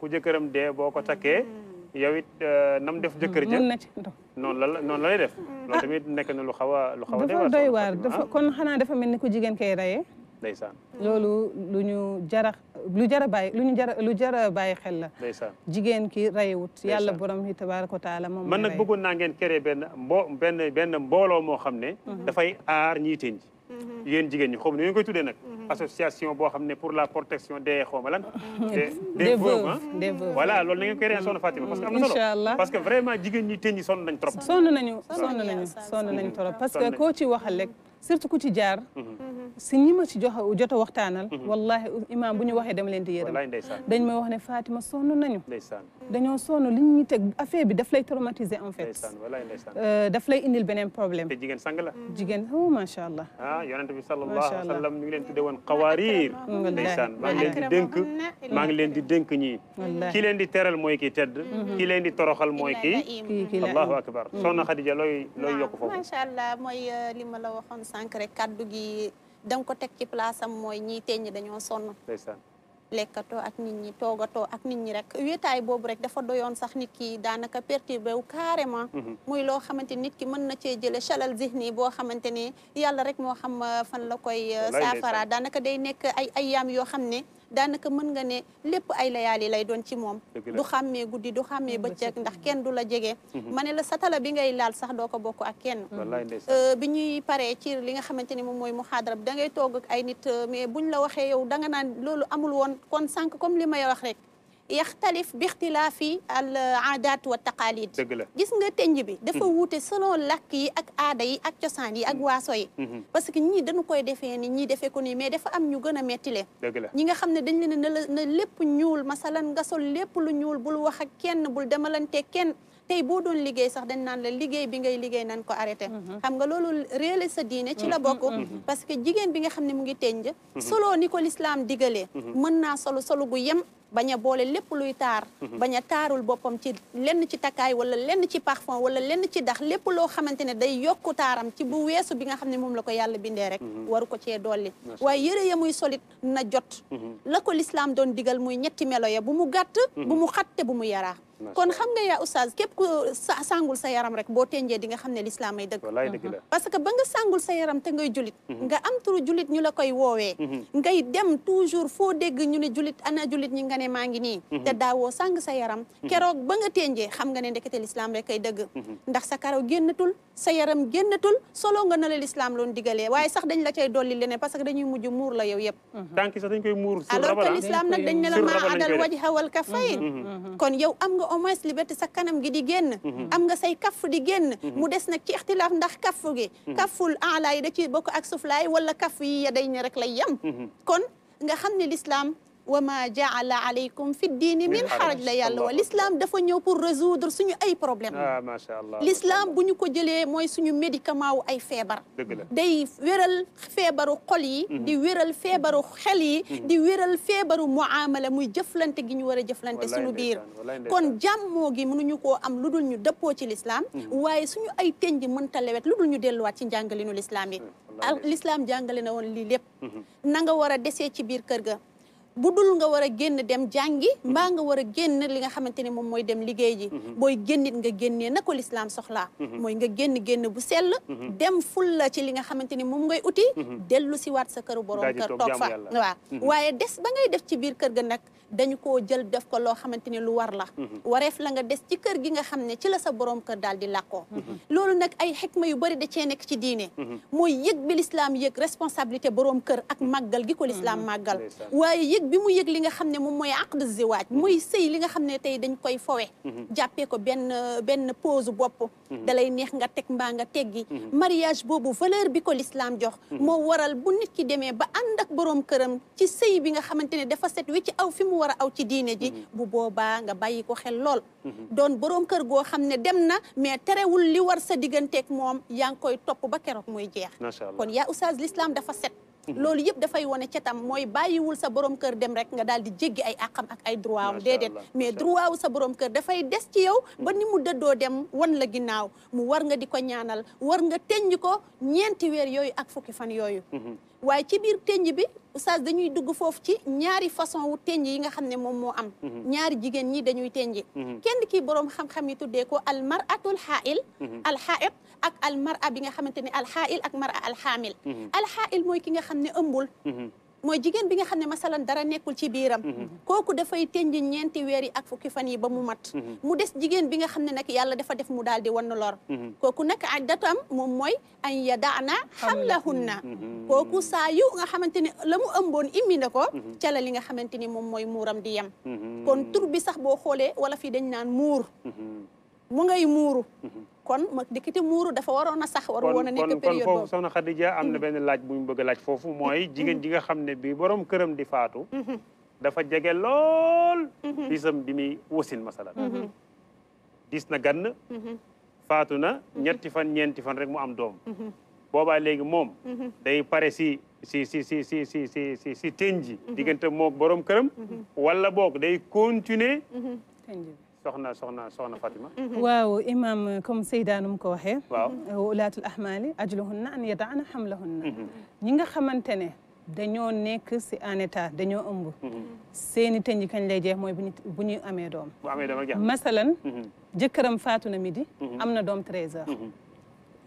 ku jëkkëram de boo ko takkee mm-hmm. yow it euh, nam def jëkkër jë mm-hmm. noonu la noonu lay def loolu tamit nekk na lu xaw a lu xaw a doy
waar ah. kon xanaa dafa mel ni ku jigéen kay rayee ndeysaan loolu lu ñu jara lu jara bàyyi lu ñu jara lu jara bàyyi xel la ndeysaan jigéen ki rayewut yàlla borom bi tabaaraka wa taala moom man nag
bëggoon naa ngeen créer benn mbo benn benn mbooloo moo xam ne mhm. dafay aar ñiiteen ji mhm. yéen jigéen ñi xaw ma nu koy tuddee nag mhm. association boo xam ne pour la protection des xaw ma lan des veuves des
veuves voilà loolu na ngeen koy parce que am na solo
parce que vraiment jigéen ñi teen ñi sonn nañ trop sonn
nañu sonn nañu parce que koo ci waxal rek surtout ku ci jaar si ñi ma ci jox jot a waxtaanal mhm. wallahi imam bu ñu waxee dama leen di yërëm dañ may wax ne Fatima sonn nañu dañoo sonn li ñuy teg affaire bi daf lay traumatiser en fait. Euh, daf lay indil beneen problème. te jigéen sang la. Mm. jigéen oh macha allah.
ah yonent bi sallallahu alayhi wa sallam ñu ngi leen tuddee woon xawaariir. ndeysaan maa ngi leen di dénk maa ngi leen di dénk ñii. ki leen di teral mooy ki tedd. Mm-hmm. ki leen di toroxal mooy ki. allahu akbar mm. soxna Khadija looy looy yokk foofu.
macha allah mooy euh, li ma la waxoon sànq rek kaddu gi da nga ko teg ci place am mooy ñii teñ dañoo sonn. ndeysaan lekkatoo ak nit ñi toogatoo ak nit ñi rek wéetaay boobu rek dafa doyoon sax nit ki daanaka perturbé carrément mm-hmm. muy loo xamante nit ki mën na cee jële chalal zihni boo xamante ne yàlla rek moo xam euh, fan la koy euh, saafara daanaka day nekk ay ayyaam yoo xam ne danaka mën nga ne lépp ay layaal yi lay doon ci moom du xàmmee guddi du xàmmee bëccëg ndax kenn du mhm. la jege ma ne la satala bi ngay laal sax doo ko bokk ak kenn mhm. eh, bi ñuy paree ci li nga xamante ni moom mooy muxaadara bi da ngay toog ak ay nit eh, mais buñ la waxee yow da nga naan loolu amul woon kon sànq comme li may wax rek يختلف باختلاف العادات والتقاليد جيس نغا تنجبي دا فا ووتي سلو لاكي اك اداي اك تيوسان يي اك واسوي باسكو ني دا نكوي ديفي ني ني ديفي كو ني مي دا فا ام نيو غنا ميتي لي نيغا خامني دنج لين ن ليپ نيول مثلا غا سول ليپ لو نيول بول واخا كين بول دمالانتي كين tay bo doon liggey sax dañ nan la liggey bi ngay liggey nan ko arrêté hmm. Hmm. xam nga lolu réel sa diiné ci la hmm. bokku parce que jigen bi nga xamné mu ngi téñj solo niko l'islam digalé mën na solo solo bu yem bañ a boole lépp luy taar mhm. bañ a taarul boppam ci lenn ci takkaay wala lenn ci parfon wala lenn ci dax lépp loo xamante ne day yokku taaram ci bu weesu bi nga xam ne moom la ko yàlla bindee rek mhm. waru ko cee dolli waaye yëre ya muy solit na jot mhm. la ko lislaam doon digal muy ñetti melo ya bu mu gàtt bu mu xatte bu mu yaraa kon xam nga yaa oustaz képp ku sàngul sa yaram rek boo tenjee di nga xam ne lislaam ay dëgg parce que ba nga sàngul sa yaram te ngay julit mhm. nga am turu julit ñu la koy woowee mhm. ngay dem toujours foo dégg ñu ne julit ana julit ñi nga ne maa ngi nii mhm. te daawoo sàng sa yaram keroog ba nga tenjee xam nga ne ndekete lislaam rek ay dëgg ndax sa karaw génnatul sa yaram génnatul solo nga na la lislaam loon digalee waaye sax dañ la koy dolli leneen parce que dañuy mujj muur la que
lislaam nag dañ ne la maa adal wajha wal kafayn
kon yow am au moins liberté sa kanam gi di génn mhm. am nga say kaff di génn mhm. mu des nag ci ixtilaaf ndax kaff gi mhm. kafful ala yi da ci bokk ak suflaay wala kaff yi ya day ne rek lay yem kon nga xam ne lislaam wama jaala aleykum fi diini min xaraj la yàlla wa l'islam dafa ñëw pour résoudre suñu ay problème
macha allah l'islam
bu ñu ko jëlee mooy suñu médicament wu ay feebar day wéral feebaru xol yi di wéral feebaru xel yi di wéral feebaru muamala muy jëflante gi ñu war a jëflante suñu biir kon jàmmoo gi mënuñu koo am lu dul ñu dëppoo ci l'islam waaye suñu ay tenj mënta lewet lu dul ñu delluwaat ci njàngalinu l'islam yi l'islam jàngale na woon lii lépp na nga war a desee ci biir kër ga budul nga wara genn dem jangi mba nga wara genn li nga xamanteni mom moy dem liggey ji mhm. boy gennit nga genné nako l'islam soxla moy mhm. nga genn genn bu sel mhm. dem ful la ci li nga xamanteni mom ngay outil delu ci wat sa keur borom keur tok fa waaye dess ba ngay def ci bir keur ga nak dañu ko jël def ko loo xamante ne lu war la mhm. wareef la nga des ci kër gi nga xam ne ci la sa borom kër daal di làkkoo mhm. loolu nag ay xikma yu bëri da cee nekk ci diine mhm. mooy yëg bi lislaam yëg responsabilité borom kër ak màggal gi ko lislaam màggal waaye yëg bi mu yëg li nga xam ne moom mooy aqd ziwaaj mooy sëy li nga xam ne tey dañu koy fowe jàppee ko benn benn pause bopp dalay neex nga teg mbaa nga teggi mariage boobu valeur bi ko lislaam jox moo waral bu nit ki demee ba ànd ak borom këram ci sëy bi nga xamante ne dafa set wi ci aw fi war a aw ci diine ji mm-hmm. bu boobaa nga bàyyi ko xel lool mm-hmm. doon boroom kër goo xam ne dem na mais terewul li war sa digganteeg moom yaa ngi koy topp ba keroog muy jeex kon yaa oustaz l'islam dafa set mm-hmm. loolu yëpp dafay wane catam mooy bàyyiwul sa borom kër dem rek nga daal di jéggi ay àqam ak ay droit am déedéet mais droit wu sa borom kër dafay des ci yow ba ni mu dëddoo dem wan la ginnaaw mu war nga di ko ñaanal war nga teññ ko ñeenti weer yooyu ak fukki fan yooyu waaye ci bir teññ bi oustaz dañuy dugg fofu ci ñaari façon wu teññ yi nga xamne mom mo am ñaari jigen ñi dañuy teññi kenn ki borom xam-xam yi tuddé ko al maratul ha'il al ha'iq ak al mara bi nga xamanteni al ha'il ak mara al hamil al ha'il moy ki nga xamne ne ëmbul mooy jigéen bi nga xam ne masalan dara nekkul ci biiram mm-hmm. kooku dafay tënj ñeenti weer yi ak fukki fan yi ba mu mat mm-hmm. mu des jigéen bi nga xam ne nag yàlla dafa def mu daal di wan lor mm-hmm. kooku nag datam moom mooy an yadaana xamlahunna kooku saa yu nga xamante ne la mu ëmboon immi ne ko ca li nga xamante ni moom mooy muuram di yem kon tur bi sax boo xoolee wala fii dañ naan muur mu ngay muuru kon ma dikkiti muuru dafa waroon a sax waru woon a nekk période boobu kon foofu
soxna Khadija am na benn laaj bu ñu bëgg laaj foofu mooy mm-hmm. jigéen ji nga xam ne bii borom këram di faatu mm-hmm. dafa jege lool
mm-hmm. bisam
bi muy wasin masala dis na gan faatu na ñetti fan ñeenti fan rek mu am doom boobaa léegi moom day pare si si si si si si si si si tënji diggante mook borom këram walla boog day continuer سخنا سخنا سخنا فاطمة
واو إمام كم سيدة نمكوهي واو أولاد الأحمال أجلهن أن يدعن حملهن نينغا خمنتني دنيو نيك سي أنيتا دنيو أمب سيني تنجي كان لي جيه موي بني بني أمي دوم أمي دوم جيه مثلا جكرم
فاتو نميدي أمنا دوم
تريزا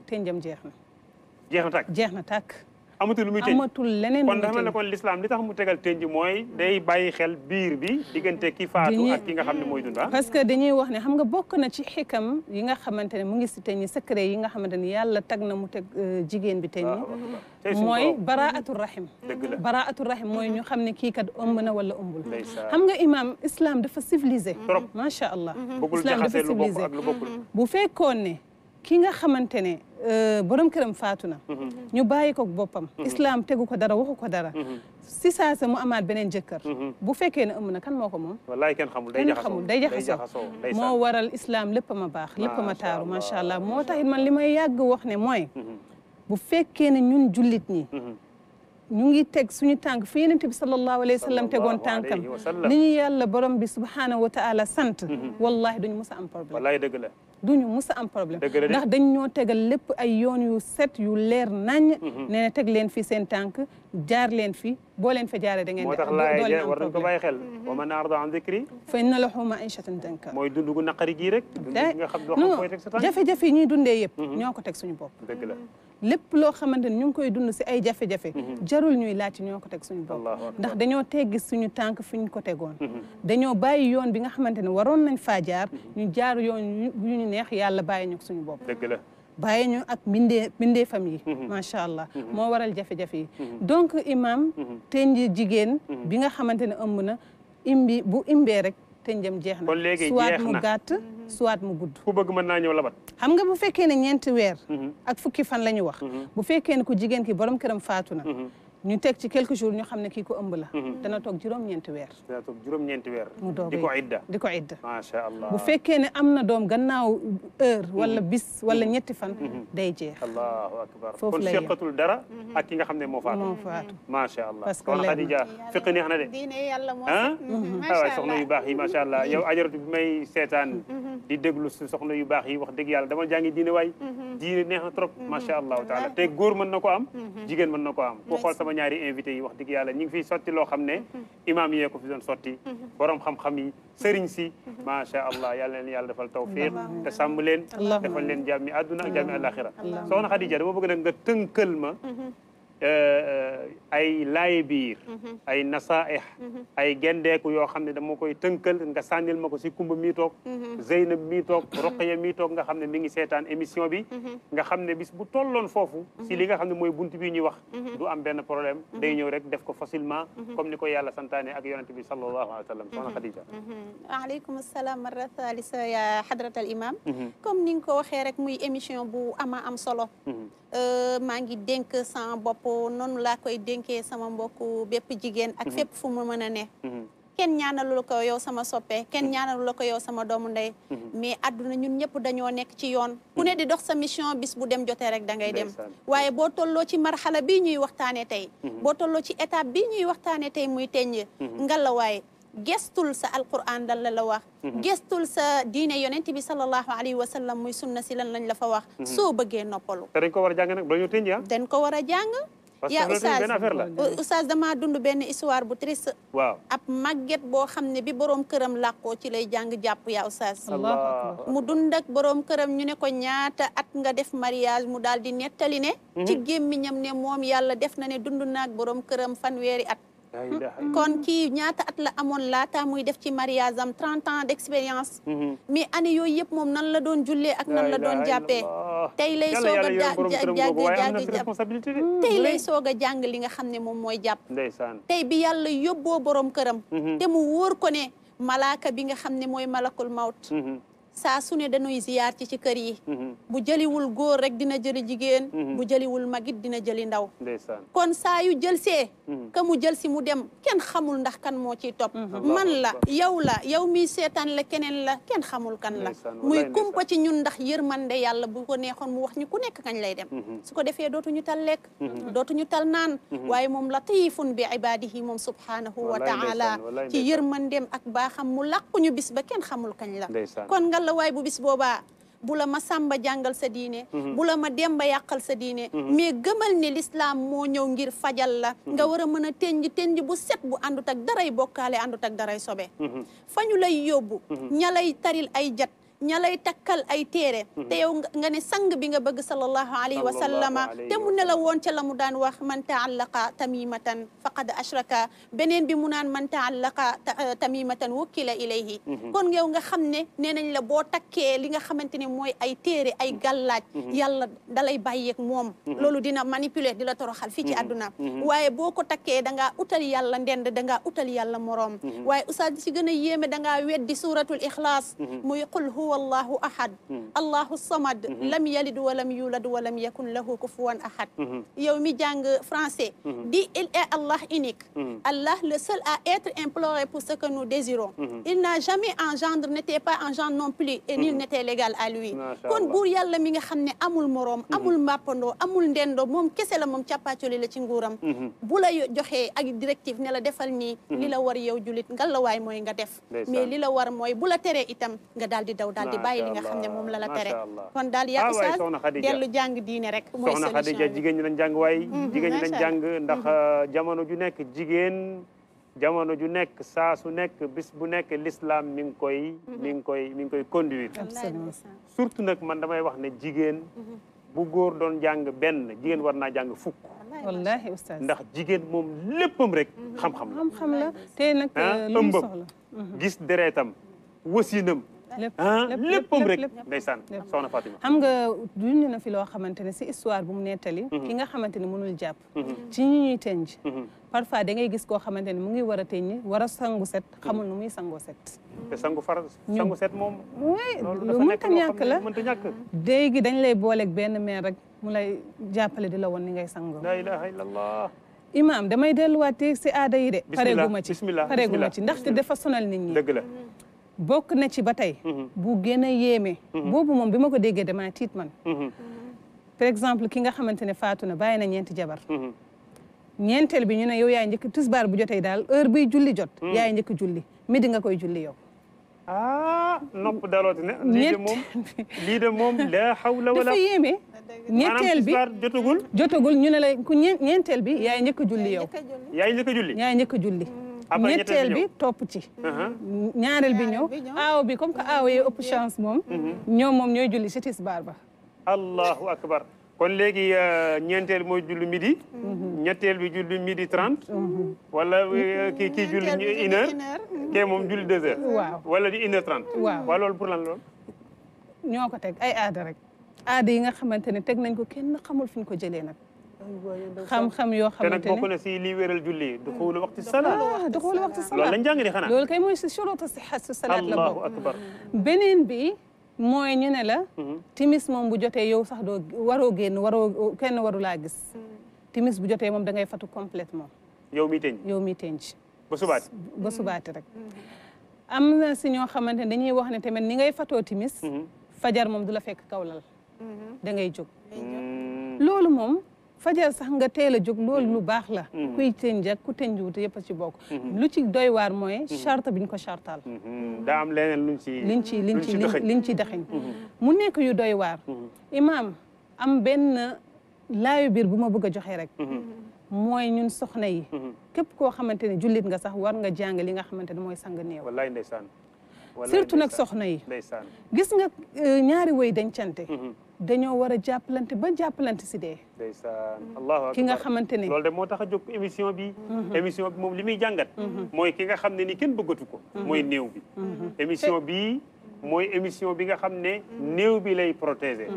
تنجم جيهنا
جيهنا تاك جيهنا تاك amatul lu muy teñ amatul leneen kon dama mel ne kon l'islam li tax mu tegal tënj moy day bàyyi xel biir bi digënté ki faatu ak ki nga xamni moy dunda parce
que dañuy wax ne xam nga bokk na ci hikam yi nga xamantene mu ngi ci tëñ secret yi nga xamantene yàlla tag na mu teg jigen bi tëñ moy baraatul rahim baraatul rahim moy ñu xamni ki kat ëmb na wala ëmbul xam nga imam islam dafa civiliser ma sha allah islam dafa civiliser bu fekkone ki nga xamante ne euh, borom këram faatu na. Mhm. ñu bàyyi ko boppam. Mhm. islam tegu ko dara waxu ko dara. Mhm. si saa sa mu amaat beneen jëkkër. bu fekkee ne ëmb na kan moo ko moom.
wallaay kenn xamul day jaxasoo day jaxasoo moo
waral islam lépp ma baax. lépp ma taaru macha allah moo taxit man li may yàgg wax ne mooy. bu fekkee ne ñun jullit ñi. ñu ngi teg suñu tànk fu yenente bi sallallahu alayhi wa sallam tegoon tànkam ni ñu yàlla borom bi subhanahu wa taala sant. wallahi duñu mos a am problème. wallaay dëgg la. duñu musa am problème ndax dañ ñoo tegal lépp ay yoon yu set yu leer nañ nee na teg leen fi seen tànk جار لين في بولين فجارة دعنة دولنا كم
بايخل وما نعرض عن ذكري فإن
لحوما إن شتن دنكا
ما يدون دون نقري جيرك جف جف
يني دون ديب نيو كتكس بوب لب لو خمن دن يوم كوي دون نسي أي جف جف جارول نيو لات نيو كتكس بوب ده دنيو تيج سنيو تانك فين كتكون دنيو باي يون بيع خمن دن ورون نفجار نجار يون يون نيح يالله باي نيو كتكس نيو بوب bàyyi ñu ak mbindee mbindee famille mm-hmm. macha allah mm-hmm. moo waral jafe-jafe yi mm-hmm. donc imam tënj jigéen bi nga xamante ne ëmb na imbi bu imbee rek tënjam jeex na kon léegi soit mu gàtt soit mu gudd
ku bëgg mën naa ñëw labat
xam nga bu fekkee ne ñeenti weer ak fukki fan la ñu wax bu fekkee ne ku jigéen ki borom këram faatu na ñu teg ci quelques jours ñu xam ne kii ko ëmb la. dana toog juróom-ñeenti weer.
dana toog juróom-ñeenti weer. mu doog di ko idda di ko idda. macha allah bu fekkee
ne am na doom gannaaw heure. wala bis wala ñetti fan. day jeex.
allahu akbar foofu la kon seqatul dara. ak ki nga xam ne moo faatu. moo faatu macha allah. parce que Khadija fiq neex na de. diine yàlla moo macha allah soxna yu baax yi macha allah yow ajaratu bi may seetaan. di déglu si soxna yu baax yi wax dëgg yàlla dama jàngi diine waay. diine neex na trop macha allah taala te góor mën na ko am. jigéen mën na ko am ko xool sama sama ñaari invité yi wax dëgg yàlla ñu ngi fiy sotti loo xam ne imaam yee ko fi doon sotti borom xam-xam yi sëriñ si macha allah yàlla leen yàlla defal tawfiq leen defal leen jàmmi àdduna ak jàmmi soxna Xadija dama bëgg nag nga tënkal ma mhm. ay laay biir ay nasaaix ay gendeeku yoo xam ne dama koy tënkal nga sànnil ma ko si Kumba mii toog Zeynab mii toog Roqaya mii toog nga xam ne mi ngi seetaan émission bi nga xam ne bis bu tolloon foofu si li nga xam ne mooy bunt bi ñuy wax du am benn problème day ñëw rek def ko facilement comme ni ko yàlla santaane ak yonente bi sallallahu alayhi wa sallam soxna Khadija
waaleykum salaam marra thaalisa ya xadrat al imam comme ni nga ko waxee rek muy émission bu ama am solo Euh, maa ngi dénk sama bopp noonu laa koy dénkee sama mbokk bépp jigéen ak mhm. fépp fu ma mën a ne mhm. kenn ñaanalu la ko yow sama soppe kenn mhm. ñaanalu la ko yow sama doomu ndey mais àdduna ñun ñëpp dañoo nekk ci yoon ku ne di dox sa mission bis bu dem jotee rek dangay ngay dem waaye boo tolloo ci marxala bi ñuy waxtaane tey boo tolloo ci étape bi ñuy waxtaane tey muy teññ ngalawaay gestul sa alquran lan la la wax mhm. gestul sa diine yonent bi sallallahu alayhi wa sallam muy sunna si lan lañ la fa wax mhm. soo bëggee noppalu
te dañ ko war a jàng nag ah? dañu
tënj ko war a jàng yaa oustaz oustaz dama dund benn histoire bu triste waaw ab màgget boo xam ne bi boroom këram làqoo ci lay jàng jàpp yaa oustaz mu dund ak boroom këram ñu ne ko ñaata at nga def mariage mu daal di nettali ne mhm. ci gémmiñam ne moom yàlla def na ne dund naak boroom këram fanweeri at kon kii ñaata at la amoon laata muy def ci mariage am 30 ans d' expérience. Mhm. mais année yooyu yëpp moom nan la doon jullee ak nan la doon jàppee. tey lay soog a jàng jàng hmm. tey lay soog a jàng li nga xam ne moom mooy jàpp. tey bi yàlla yóbboo boroom këram. Mhm. te mu wóor ko ne malaaka bi nga xam ne mooy malakul mawt. Mhm. saa su ne dañuy ziyaar ci ci kër yi mm-hmm. bu jëliwul góor rek dina jëli jigéen mm-hmm. bu jëliwul magit dina jëli ndaw kon saa yu jël see mm-hmm. ka mu jël si mu dem kenn xamul ndax kan moo ciy topp man la yow la yow miy seetaan la keneen la kenn xamul kan la muy kumpa ci ñun ndax yërmande yàlla bu ko neexoon mu wax ñu ku nekk kañ lay dem su ko defee dootuñu tal lekk dootuñu tal naan waaye moom latifun bi ibaadihi moom subhaanahu wa taala ci yërmandeem ak baaxam mu làqu ñu bis ba kenn xamul kañ la yalla way bu bis boba bula ma samba jangal sa diine mhm. bula ma demba yakal sa diine mais mhm. geumal ni l'islam mo ñew ngir fajal la mhm. nga wara meuna tenji tenji bu set bu andut ak daray bokale andut ak daray sobe fañu lay yobbu ñalay taril ay jatt ña lay takkal ay téere te yow nga ne sang bi nga bëgg sallallahu alayhi wa sallama te mu ne la woon ca la mu daan wax man taallaqa tamimatan faqad ashraka beneen bi mu naan man taallaqa tamimatan wukkila ilayhi kon yow nga xam ne nee nañ la boo takkee li nga xamante ne mooy ay téere ay gàllaaj yàlla dalay bàyyeeg moom loolu dina manipuler di la toroxal fii ci àdduna waaye boo ko takkee dangaa utal yàlla ndend dangaa utal yàlla moroom waaye ustaas di si gën a yéeme dangaa weddi suratul ixlaas muy qul huwa هو الله أحد الله الصمد لم يلد ولم يولد ولم يكن له كفوا أحد yow mi jàng français dit il est Allah unique Allah le seul à être imploré pour ce que nous désirons il n'a jamais engendre n'était pas engendre non plus et nul n'était légal à lui kon buur yàlla mi nga xam ne amul moroom amul mbappandoo amul ndendoo moom kese la moom càppaacoli la ci nguuram bu la joxee ak directive ne la defal nii li la war yow julit nga la waay mooy nga def mais li la war mooy bu la teree itam nga daal di daw daal di ah jàng diine rek mooy
jigéen ñi nañ jàng waaye mm-hmm. jigéen jàng ndax mm-hmm. euh, jamono ju nekk jigéen jamono ju nekk saa su nekk bis bu nekk lislaam mi ngi koy mi mm-hmm. ngi koy mi ngi koy conduire surtout nag man damay wax ne jigéen bu góor doon jàng benn jigéen war naa jàng fukk ndax jigéen moom léppam rek xam-xam la
xam-xam la te
nag ah, euh, ëmbam gis dereetam wasinam ah léppam rek ndeysaan soxna Fatima xam
nga dund na fi loo xamante ne si histoire bu mu nettali mhm. ki nga xamante ne mënul jàpp mhm. ci ñi ñuy tenj mhm. parfois da ngay gis koo xamante ne mu ngi war a teññi war a sangu set xamul nu muy sangoo set
te sangu far sangu set moom
lu mënta ñàkk la mënta ñàkk léegi dañ lay booleeg benn meer rek mu lay jàppale di la woon ni ngay sangoo la ilaha illallah imaam damay delluwaat ci aada yi de pareeguma ci pareeguma ci ndaxte dafa sonal nit ñi dëgg la bokk na ci ba tey. Mm-hmm. bu gën a yéeme. Mm-hmm. boobu moom bi ma ko déggee damaa tiit man. Mm-hmm. par exemple ki nga xamante ne faatu na bàyyi na ñeenti jabar. ñeenteel bi ñu ne yow yaay njëkk tisbaar bu jotee daal heure bi julli jot. yaay njëkk julli midi nga koy julli yow.
ah nopp dalooti ne. lii moom lii de moom laa
jotagul. jotagul ñu ne la ku ñeenteel bi yaay njëkk julli yow. yaay njëkk julli. yaay njëkk julli. Mm. ñetteel bi topp
ci uh-huh.
ñaareel bi ñëw aaw bi comme que aaw yee ëpp chance moom mm-hmm. ñoom moom ñooy julli ci tisbaar ba
allahu akbar kon léegi euh, ñeenteel mooy julli midi mm-hmm. ñetteel bi julli midi trente mm-hmm. wala euh, kii kii julli une heure
kee moom julli deux heures waaw
wala di une heure trente waaw waaw lan loolu
ñoo ko teg ay aada rek aada yi nga xamante ne teg nañ ko kenn xamul fu ko jëlee nag xam-xam yoo xamante ne te nag bokk na
si liy wéral julli duxuulu waxtu salaat ah duxuulu waxtu salaat loolu lañ jàng di xanaa loolu
kay mooy si shuruutu sihhatu salaat la bokk allahu akbar beneen bi mooy ñu ne la timis moom bu jotee yow sax doo waroo génn waroo kenn waru laa gis timis bu jotee moom da ngay fatu complètement yow mi tenj yow mi tenj ba subaati ba subaati rek am na si ñoo xamante ne dañuy wax ne tamit ni ngay fatoo timis fajar moom du la fekk kaw lal da ngay jóg loolu moom fajar sax nga teel a jóg mm-hmm. loolu lu baax la mm-hmm. kuy tënj ak ku tënjuwut yëpp a ci bokk mm-hmm. lu ci doy waar mooy charte bi ñu ko chartal
daa am leneen luñ ci liñ ci liñ ci liñ
ci dexiñ mu nekk yu doy waar imaam am benn laayu biir bu ma bëgg a joxe rek mooy ñun soxna yi képp koo xamante ne jullit nga sax war nga jàng li nga xamante ne mooy sang néew wallaay
ndeysaan surtout nag soxna yi
gis nga euh, ñaari way dencante dañoo war a jàppalante ba jàppalante si dee.
ndeysaan mm-hmm. allahu ki nga xamante ne loolu de moo tax a jóg émission bi mm-hmm. émission bi moom li muy jàngat mm-hmm. mooy ki nga xam ne ni kenn bëggatu ko mooy néew bi émission bi mooy émission bi nga xam ne néew bi lay protéger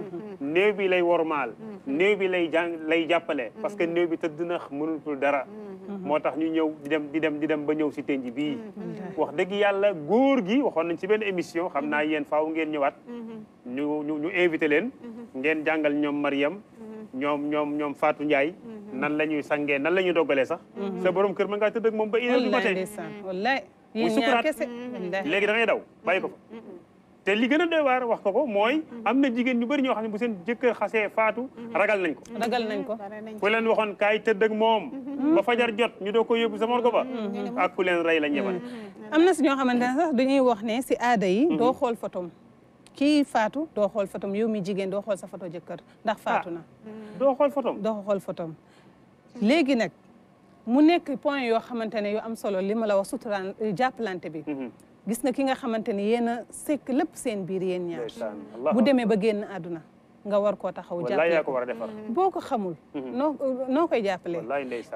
néew bi lay wormaal néew bi lay jàng lay jàppale parce que néew bi tëdd na mënutul dara moo tax ñu ñëw di dem di dem di dem ba ñëw si tenj bi wax dëgg yàlla góor gi waxoon nañ si benn émission xam naa yéen faaw ngeen ñëwaat ñu ñu invité leen ngeen jàngal ñoom Mariam ñoom ñoom ñoom Fatou Ndiaye nan la ñuy sangee nan la ñuy doggalee sax sa borom kër ma ngaa tëdd ak moom ba une heure du matin
muy sukuraat léegi da
daw bàyyi ko fa te li gën a doy waar wax ko ko mooy mm-hmm. am na jigéen ñu bari ñoo xam ne bu seen jëkkër xasee faatu mm-hmm. ragal nañ ko mm-hmm. ragal nañ ko ku leen waxoon kaay tëdd ak moom ba fajar jot ñu doo ko yóbbu sa morgo ba ak ku leen rey lañ ñemal
am na si ñoo xamante ne sax dañuy wax ne si aada yi doo xool fotom kii faatu doo xool fotom yow mi jigéen doo xool sa foto jëkkër ndax ah. faatu na doo xool fotom xool fotom léegi nag mu nekk point yoo xamante ne yu am solo li ma la wax suturaan jàppalante bi gis na ki nga xamante ne yéen sekk lépp seen biir yéen ñaar bu demee ba génn àdduna nga war koo taxaw jàppale mm-hmm. boo ko xamul mm-hmm. noo noo koy jàppale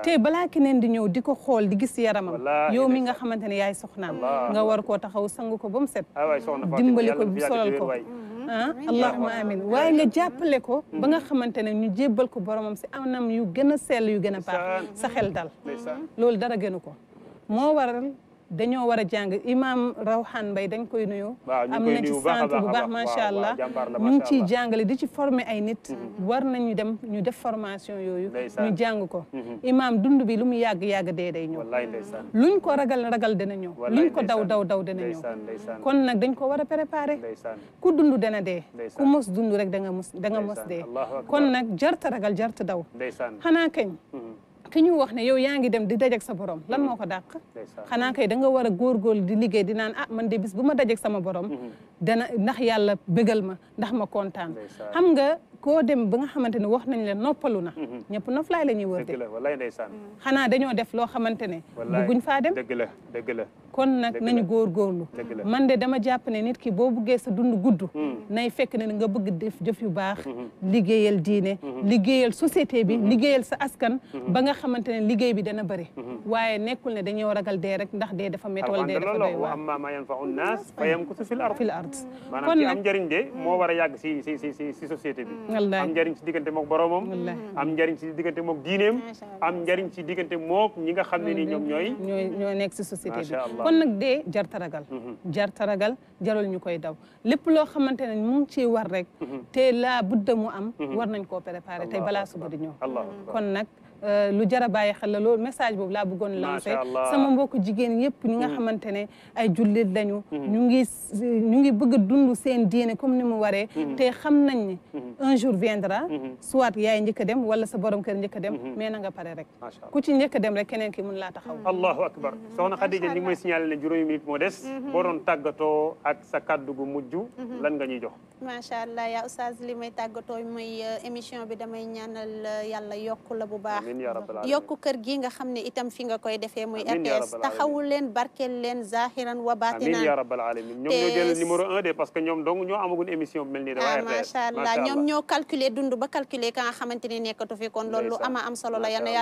te balaa keneen di ñëw di ko xool di gis yaramam yow mi nga xamante ne yaay soxnaam nga war koo taxaw sang ko ba mu set ah, dimbali ko solal ko mm-hmm. ah allahuma amin waaye nga jàppale ko ba nga xamante ne ñu jébbal ko boromam si anam yu gën a sell yu gën a baax sa xel dal loolu dara gënu ko moo waral dañoo war a jàng imaam Rawhan Mbaye dañ koy nuyu am na ci centre bu baax macha allah mu ngi ciy jàngale di ci former ay nit mhm. war nañu dem ñu def formation yooyu ñu jàng ko mhm. imam dund bi lu mu yàgg-yàgg dee day ñëw luñ ko ragal ragal dana ñëw luñ ko daw daw daw dana ñëw kon nag dañ ko war a préparer ku dund dana dee ku mos dund rek danga mos da nga mos dee kon nag jarta ragal jarta daw xanaa kañ mhm. ki ñu wax ne yow yaa ngi dem di dajeg sa borom lan mhm. moo ko dàq xanaa kay da nga war a góorgóorlu di liggéey di naan ah man de bis bu ma dajeg sama borom mhm. dana ndax yàlla bégal ma ndax ma
kontaan xam nga
koo dem ba nga xamante ne wax nañ la noppalu na mm-hmm. ñëpp noflaay la ñuy wër de
wallaay ndeysaan mm.
xanaa dañoo def loo xamante ne bëgguñ faa dem dëgg
la dëgg la kon nag nañu góorgóorlu
man de dama jàpp ne nit ki boo buggee sa dund gudd mm. nay fekk ne nga bëgg def jëf yu baax mm-hmm. liggéeyal diine mm-hmm. liggéeyal société bi liggéeyal sa askan ba nga xamante ne liggéey bi dana bari waaye nekkul ne dañoo ragal dee rek ndax de dafa métti wala dee dafa doy waa
amma ma yanfa'u nnaas fa kon nag am njëriñ moo mm. war a yàgg si si si si société am njariñ si diggante mook boromam am njariñ ci diggante mook diineem am njariñ ci diggante mook ñi nga xam ne ni ñoom ñooy
ñoo nekk ci société bi kon nag dee jar taragal mm-hmm. jar taragal jarul ñu koy daw lépp loo xamante ne mu ngi ciy war rek mm-hmm. te laa budda mu am mm-hmm. war nañ koo préparé tey balaa suba di ñëw kon nag Euh, lu jar a bàyyi xel la loolu message boobu laa bëggoon lancé sama mbokku jigéen yëpp ñi nga mm. xamante ne ay jullit lañu mm. ñu ngi ñu ngi bëgg a seen diine comme ni mu waree mm. te xam nañ ni un jour viendra soit yaay njëkk a dem wala sa borom kër njëkk dem mais
na nga pare rek ku
ci njëkk dem rek keneen ki mun laa taxaw allahu
akbar mm-hmm. soxna Khadija ñu ngi may signalé ne juróomi minute moo des mm-hmm. boo doon tàggatoo ak sa kàddu gu mujj mm-hmm. lan nga ñuy jox
macha allah
yaa oustaz li may tàggatoo mooy euh, émission euh, yàlla yokku la bu baax yokku kër gi nga xam ne itam fi nga koy defee muy RTS taxawul leen barkeel leen zahiran wa baatinaan
numéro un de parce que ñoom dong ñoo amagul émission mel nii dafa ah, RTS macha allah ñoom ñoo
calculer dund ba calculer ka nga xamante ni nekkatu kon loolu ama am solo la yal na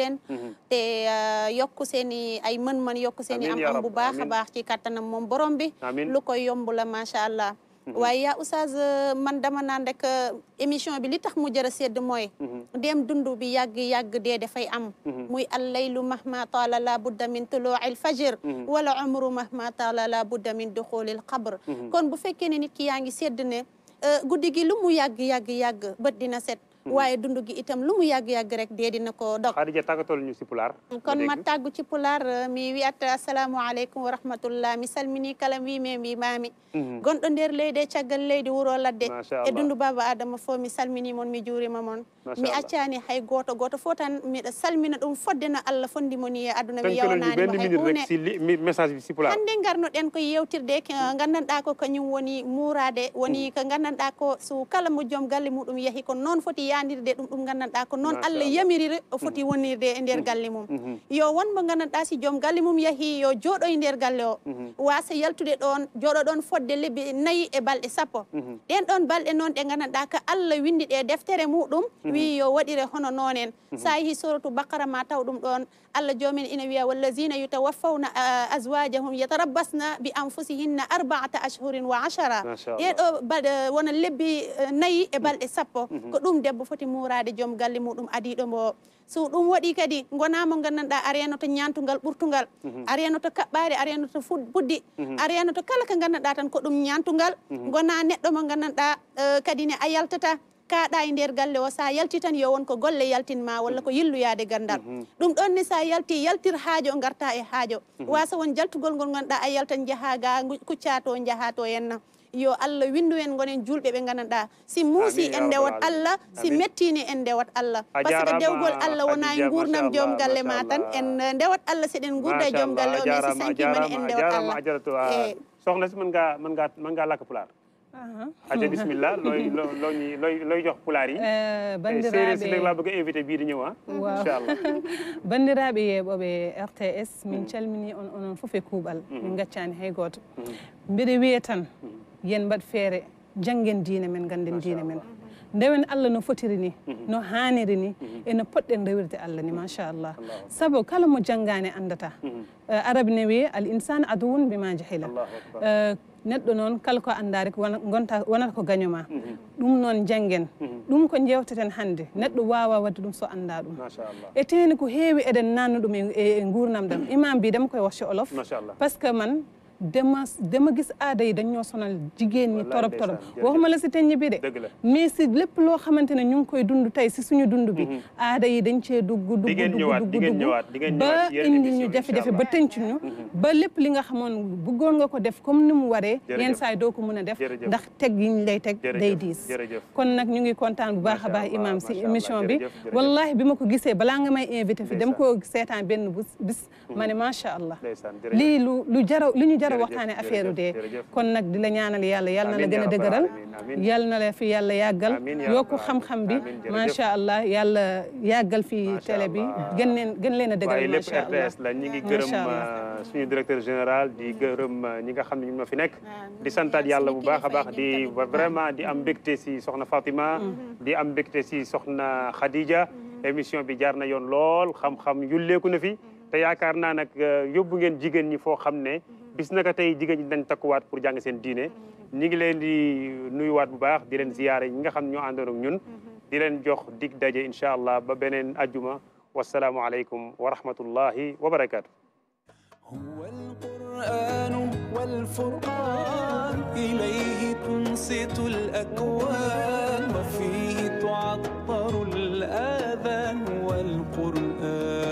leen mm-hmm. te euh, yokku seen ay mën-mën yokku seen am bu baax a baax ci kattanam moom borom bi lu koy yomb la allah Mm-hmm. waaye yaa oustaz euh, man dama naan rek euh, émission bi li tax mu jërë sedd mooy mm-hmm. dem dund bi yàgg-yàgg dee dafay am mm-hmm. muy allaylu mahma taala la budda min tuluu'il fajr wala umru mahma taala la budda min duxulil qabr kon bu fekkee ne nit ki yaa ngi sedd ne euh, guddi gi lu mu yàgg-yàgg-yàgg bët dina set waye dundu gi itam lu mu yag yag rek dedi nako dog
khadija tagatol ñu ci pular kon ma
taggu ci pular eh, mi wi at assalamu alaykum wa rahmatullah mi salmini kalam wi me mi mami mm-hmm. gondo der lay de ciagal lay di wuro ladde e dundu baba adama fo mi salmini mon mi juri ma mon mi acciani hay goto goto fo tan mi da salmina dum fodde na allah fondi mo ni aduna mi yawna ni ben minute rek ci
li message bi ci pular hande
ngarno den ko yewtirde eh, ngandan da ko kanyum woni murade woni mm. ka ngandan da ko su kala mu jom galle mu dum yahi ko non foti ya yanirde dum dum gandanɗa ko noon allah yamiriri o foti wonirde e der galle mum yo won mo gandanɗa si jom galle mum yahi yo jodo e der galle o wasa yaltude don jodo don fodde lebbi nayi e balde sappo den don balde non de gandanɗa ko allah windi de deftere mudum wi yo wadire hono nonen en sa yeehi sorotu bakara ma taw dum don allah joomen ina wiya wallazina yatawaffawna azwajahum yatarabbasna bi anfusihinna arbaata ashhurin wa achara ɗeɗo balde wona lebbi nayi e balde sappo ko dum de debbo foti muurade joom galle muɗum adiɗo mo so ɗum waɗi kadi gonama gandanɗa areno to ñantugal ɓurtugal mhm. areno to kaɓɓari areno to buddi mhm. areno to kala ko gandanɗa tan ko ɗum ñantugal mhm. gona neɗɗo mo gandanɗa e, kadi ne a yaltata kaɗa e nder galle o sa yalti tan yo won ko golle yaltinma walla ko yilluyade gandal ɗum ɗon ne sa yalti yaltir haajo garta e haajo wasa won jaltugol ngol gonɗa a yaltan jaaha ga kucca to jaaha to henna yo Allah windu en gonen julbe be gananda si musi ya en dewat Allah si mettini en dewat Allah parce que dewgol Allah wona e en gurnam jom galle matan en dewat Allah eh. si den gurda jom galle o mesi sanki mani en dewat Allah
soxna si man nga man nga man nga lak pular
aha bismillah
loy loy ni loy loy jox pular yi bandira be la bëgg inviter bi di ñëw ah. inshallah
bandira be yebobe rts min mm. calmini on on fofé e kubal mm-hmm. min gaccani hay goto mbede mm-hmm. wiyetan mm-hmm. yen mbaɗ feere janngen diine men ngannden diine men ndewen allah no fotiri ni mhm. no haaniri ni mhm. eno poɗɗen rewirde allah ni machallah sabu kala mo janngaani anndata mhm. eh, arabe ne wiye al insan adowun bima jahila eh, neɗɗo noon kala ko anndaari gonta wonata ko gañoma ɗum noon janngen ɗum ko njewteten hannde neɗɗo waawa wadde ɗum so annda ɗum e teeni ko heewi eɗen naannu ɗum e, e nguurnam ɗam imam mbiɗam koye wacce olof par ce que man dama dama gis aada yi dañ ñoo sonal jigéen ñi torop torop waxuma la si teññ bi de mais si loo xamante ne ñu ngi koy dund tey si suñu dund bi mm-hmm. aada yi dañ cee dugg dugg dugg dugg ba indi ñu jafe-jafe ba tënc ñu mm-hmm. ba lépp li nga xamoon buggoon nga ko def comme ni mu waree yenn saay doo ko mën a def ndax teg yi ñu lay teg day diis kon nag ñu ngi kontaan bu baax a baax imam si mission bi wallahi bi ma ko gisee balaa nga may invité fi dem koo seetaan benn bis mm-hmm. ma ne macha allah lii li jara waxtane affaire de kon nak dila ñaanal yàlla yalla na gëna gën a dëgëral yal na la fi yàlla yàggal yokku xam-xam bi ma sha allah yàlla yagal fi télé bi gën leen gën leen a ma sha allah waaye RTS la ñi ngi gëreum
suñu directeur général di gëreum ñi nga xam ne ñu ma fi nek di santat yàlla bu baaxa baax di vraiment di am bekté ci soxna Fatima di am bekté ci soxna Khadija émission bi jaar na yoon lool xam-xam yulleeku na fi te yaakaar naa nag yóbbu ngeen jigéen ñi fo xamné bis naka tay jigéen ñi dañ takkuwaat pour jàng seen diine ñi ngi leen di nuyuwaat bu baax di leen ziyaare ñi nga xam ñoo àndoon ak ñun di leen jox dig daje incha allah ba beneen ajjuma wassalaamu alaykum wa rahmatullahi wa barakaatu هو القرآن
والفرقان إليه تنصت الأكوان وفيه تعطر الآذان والقرآن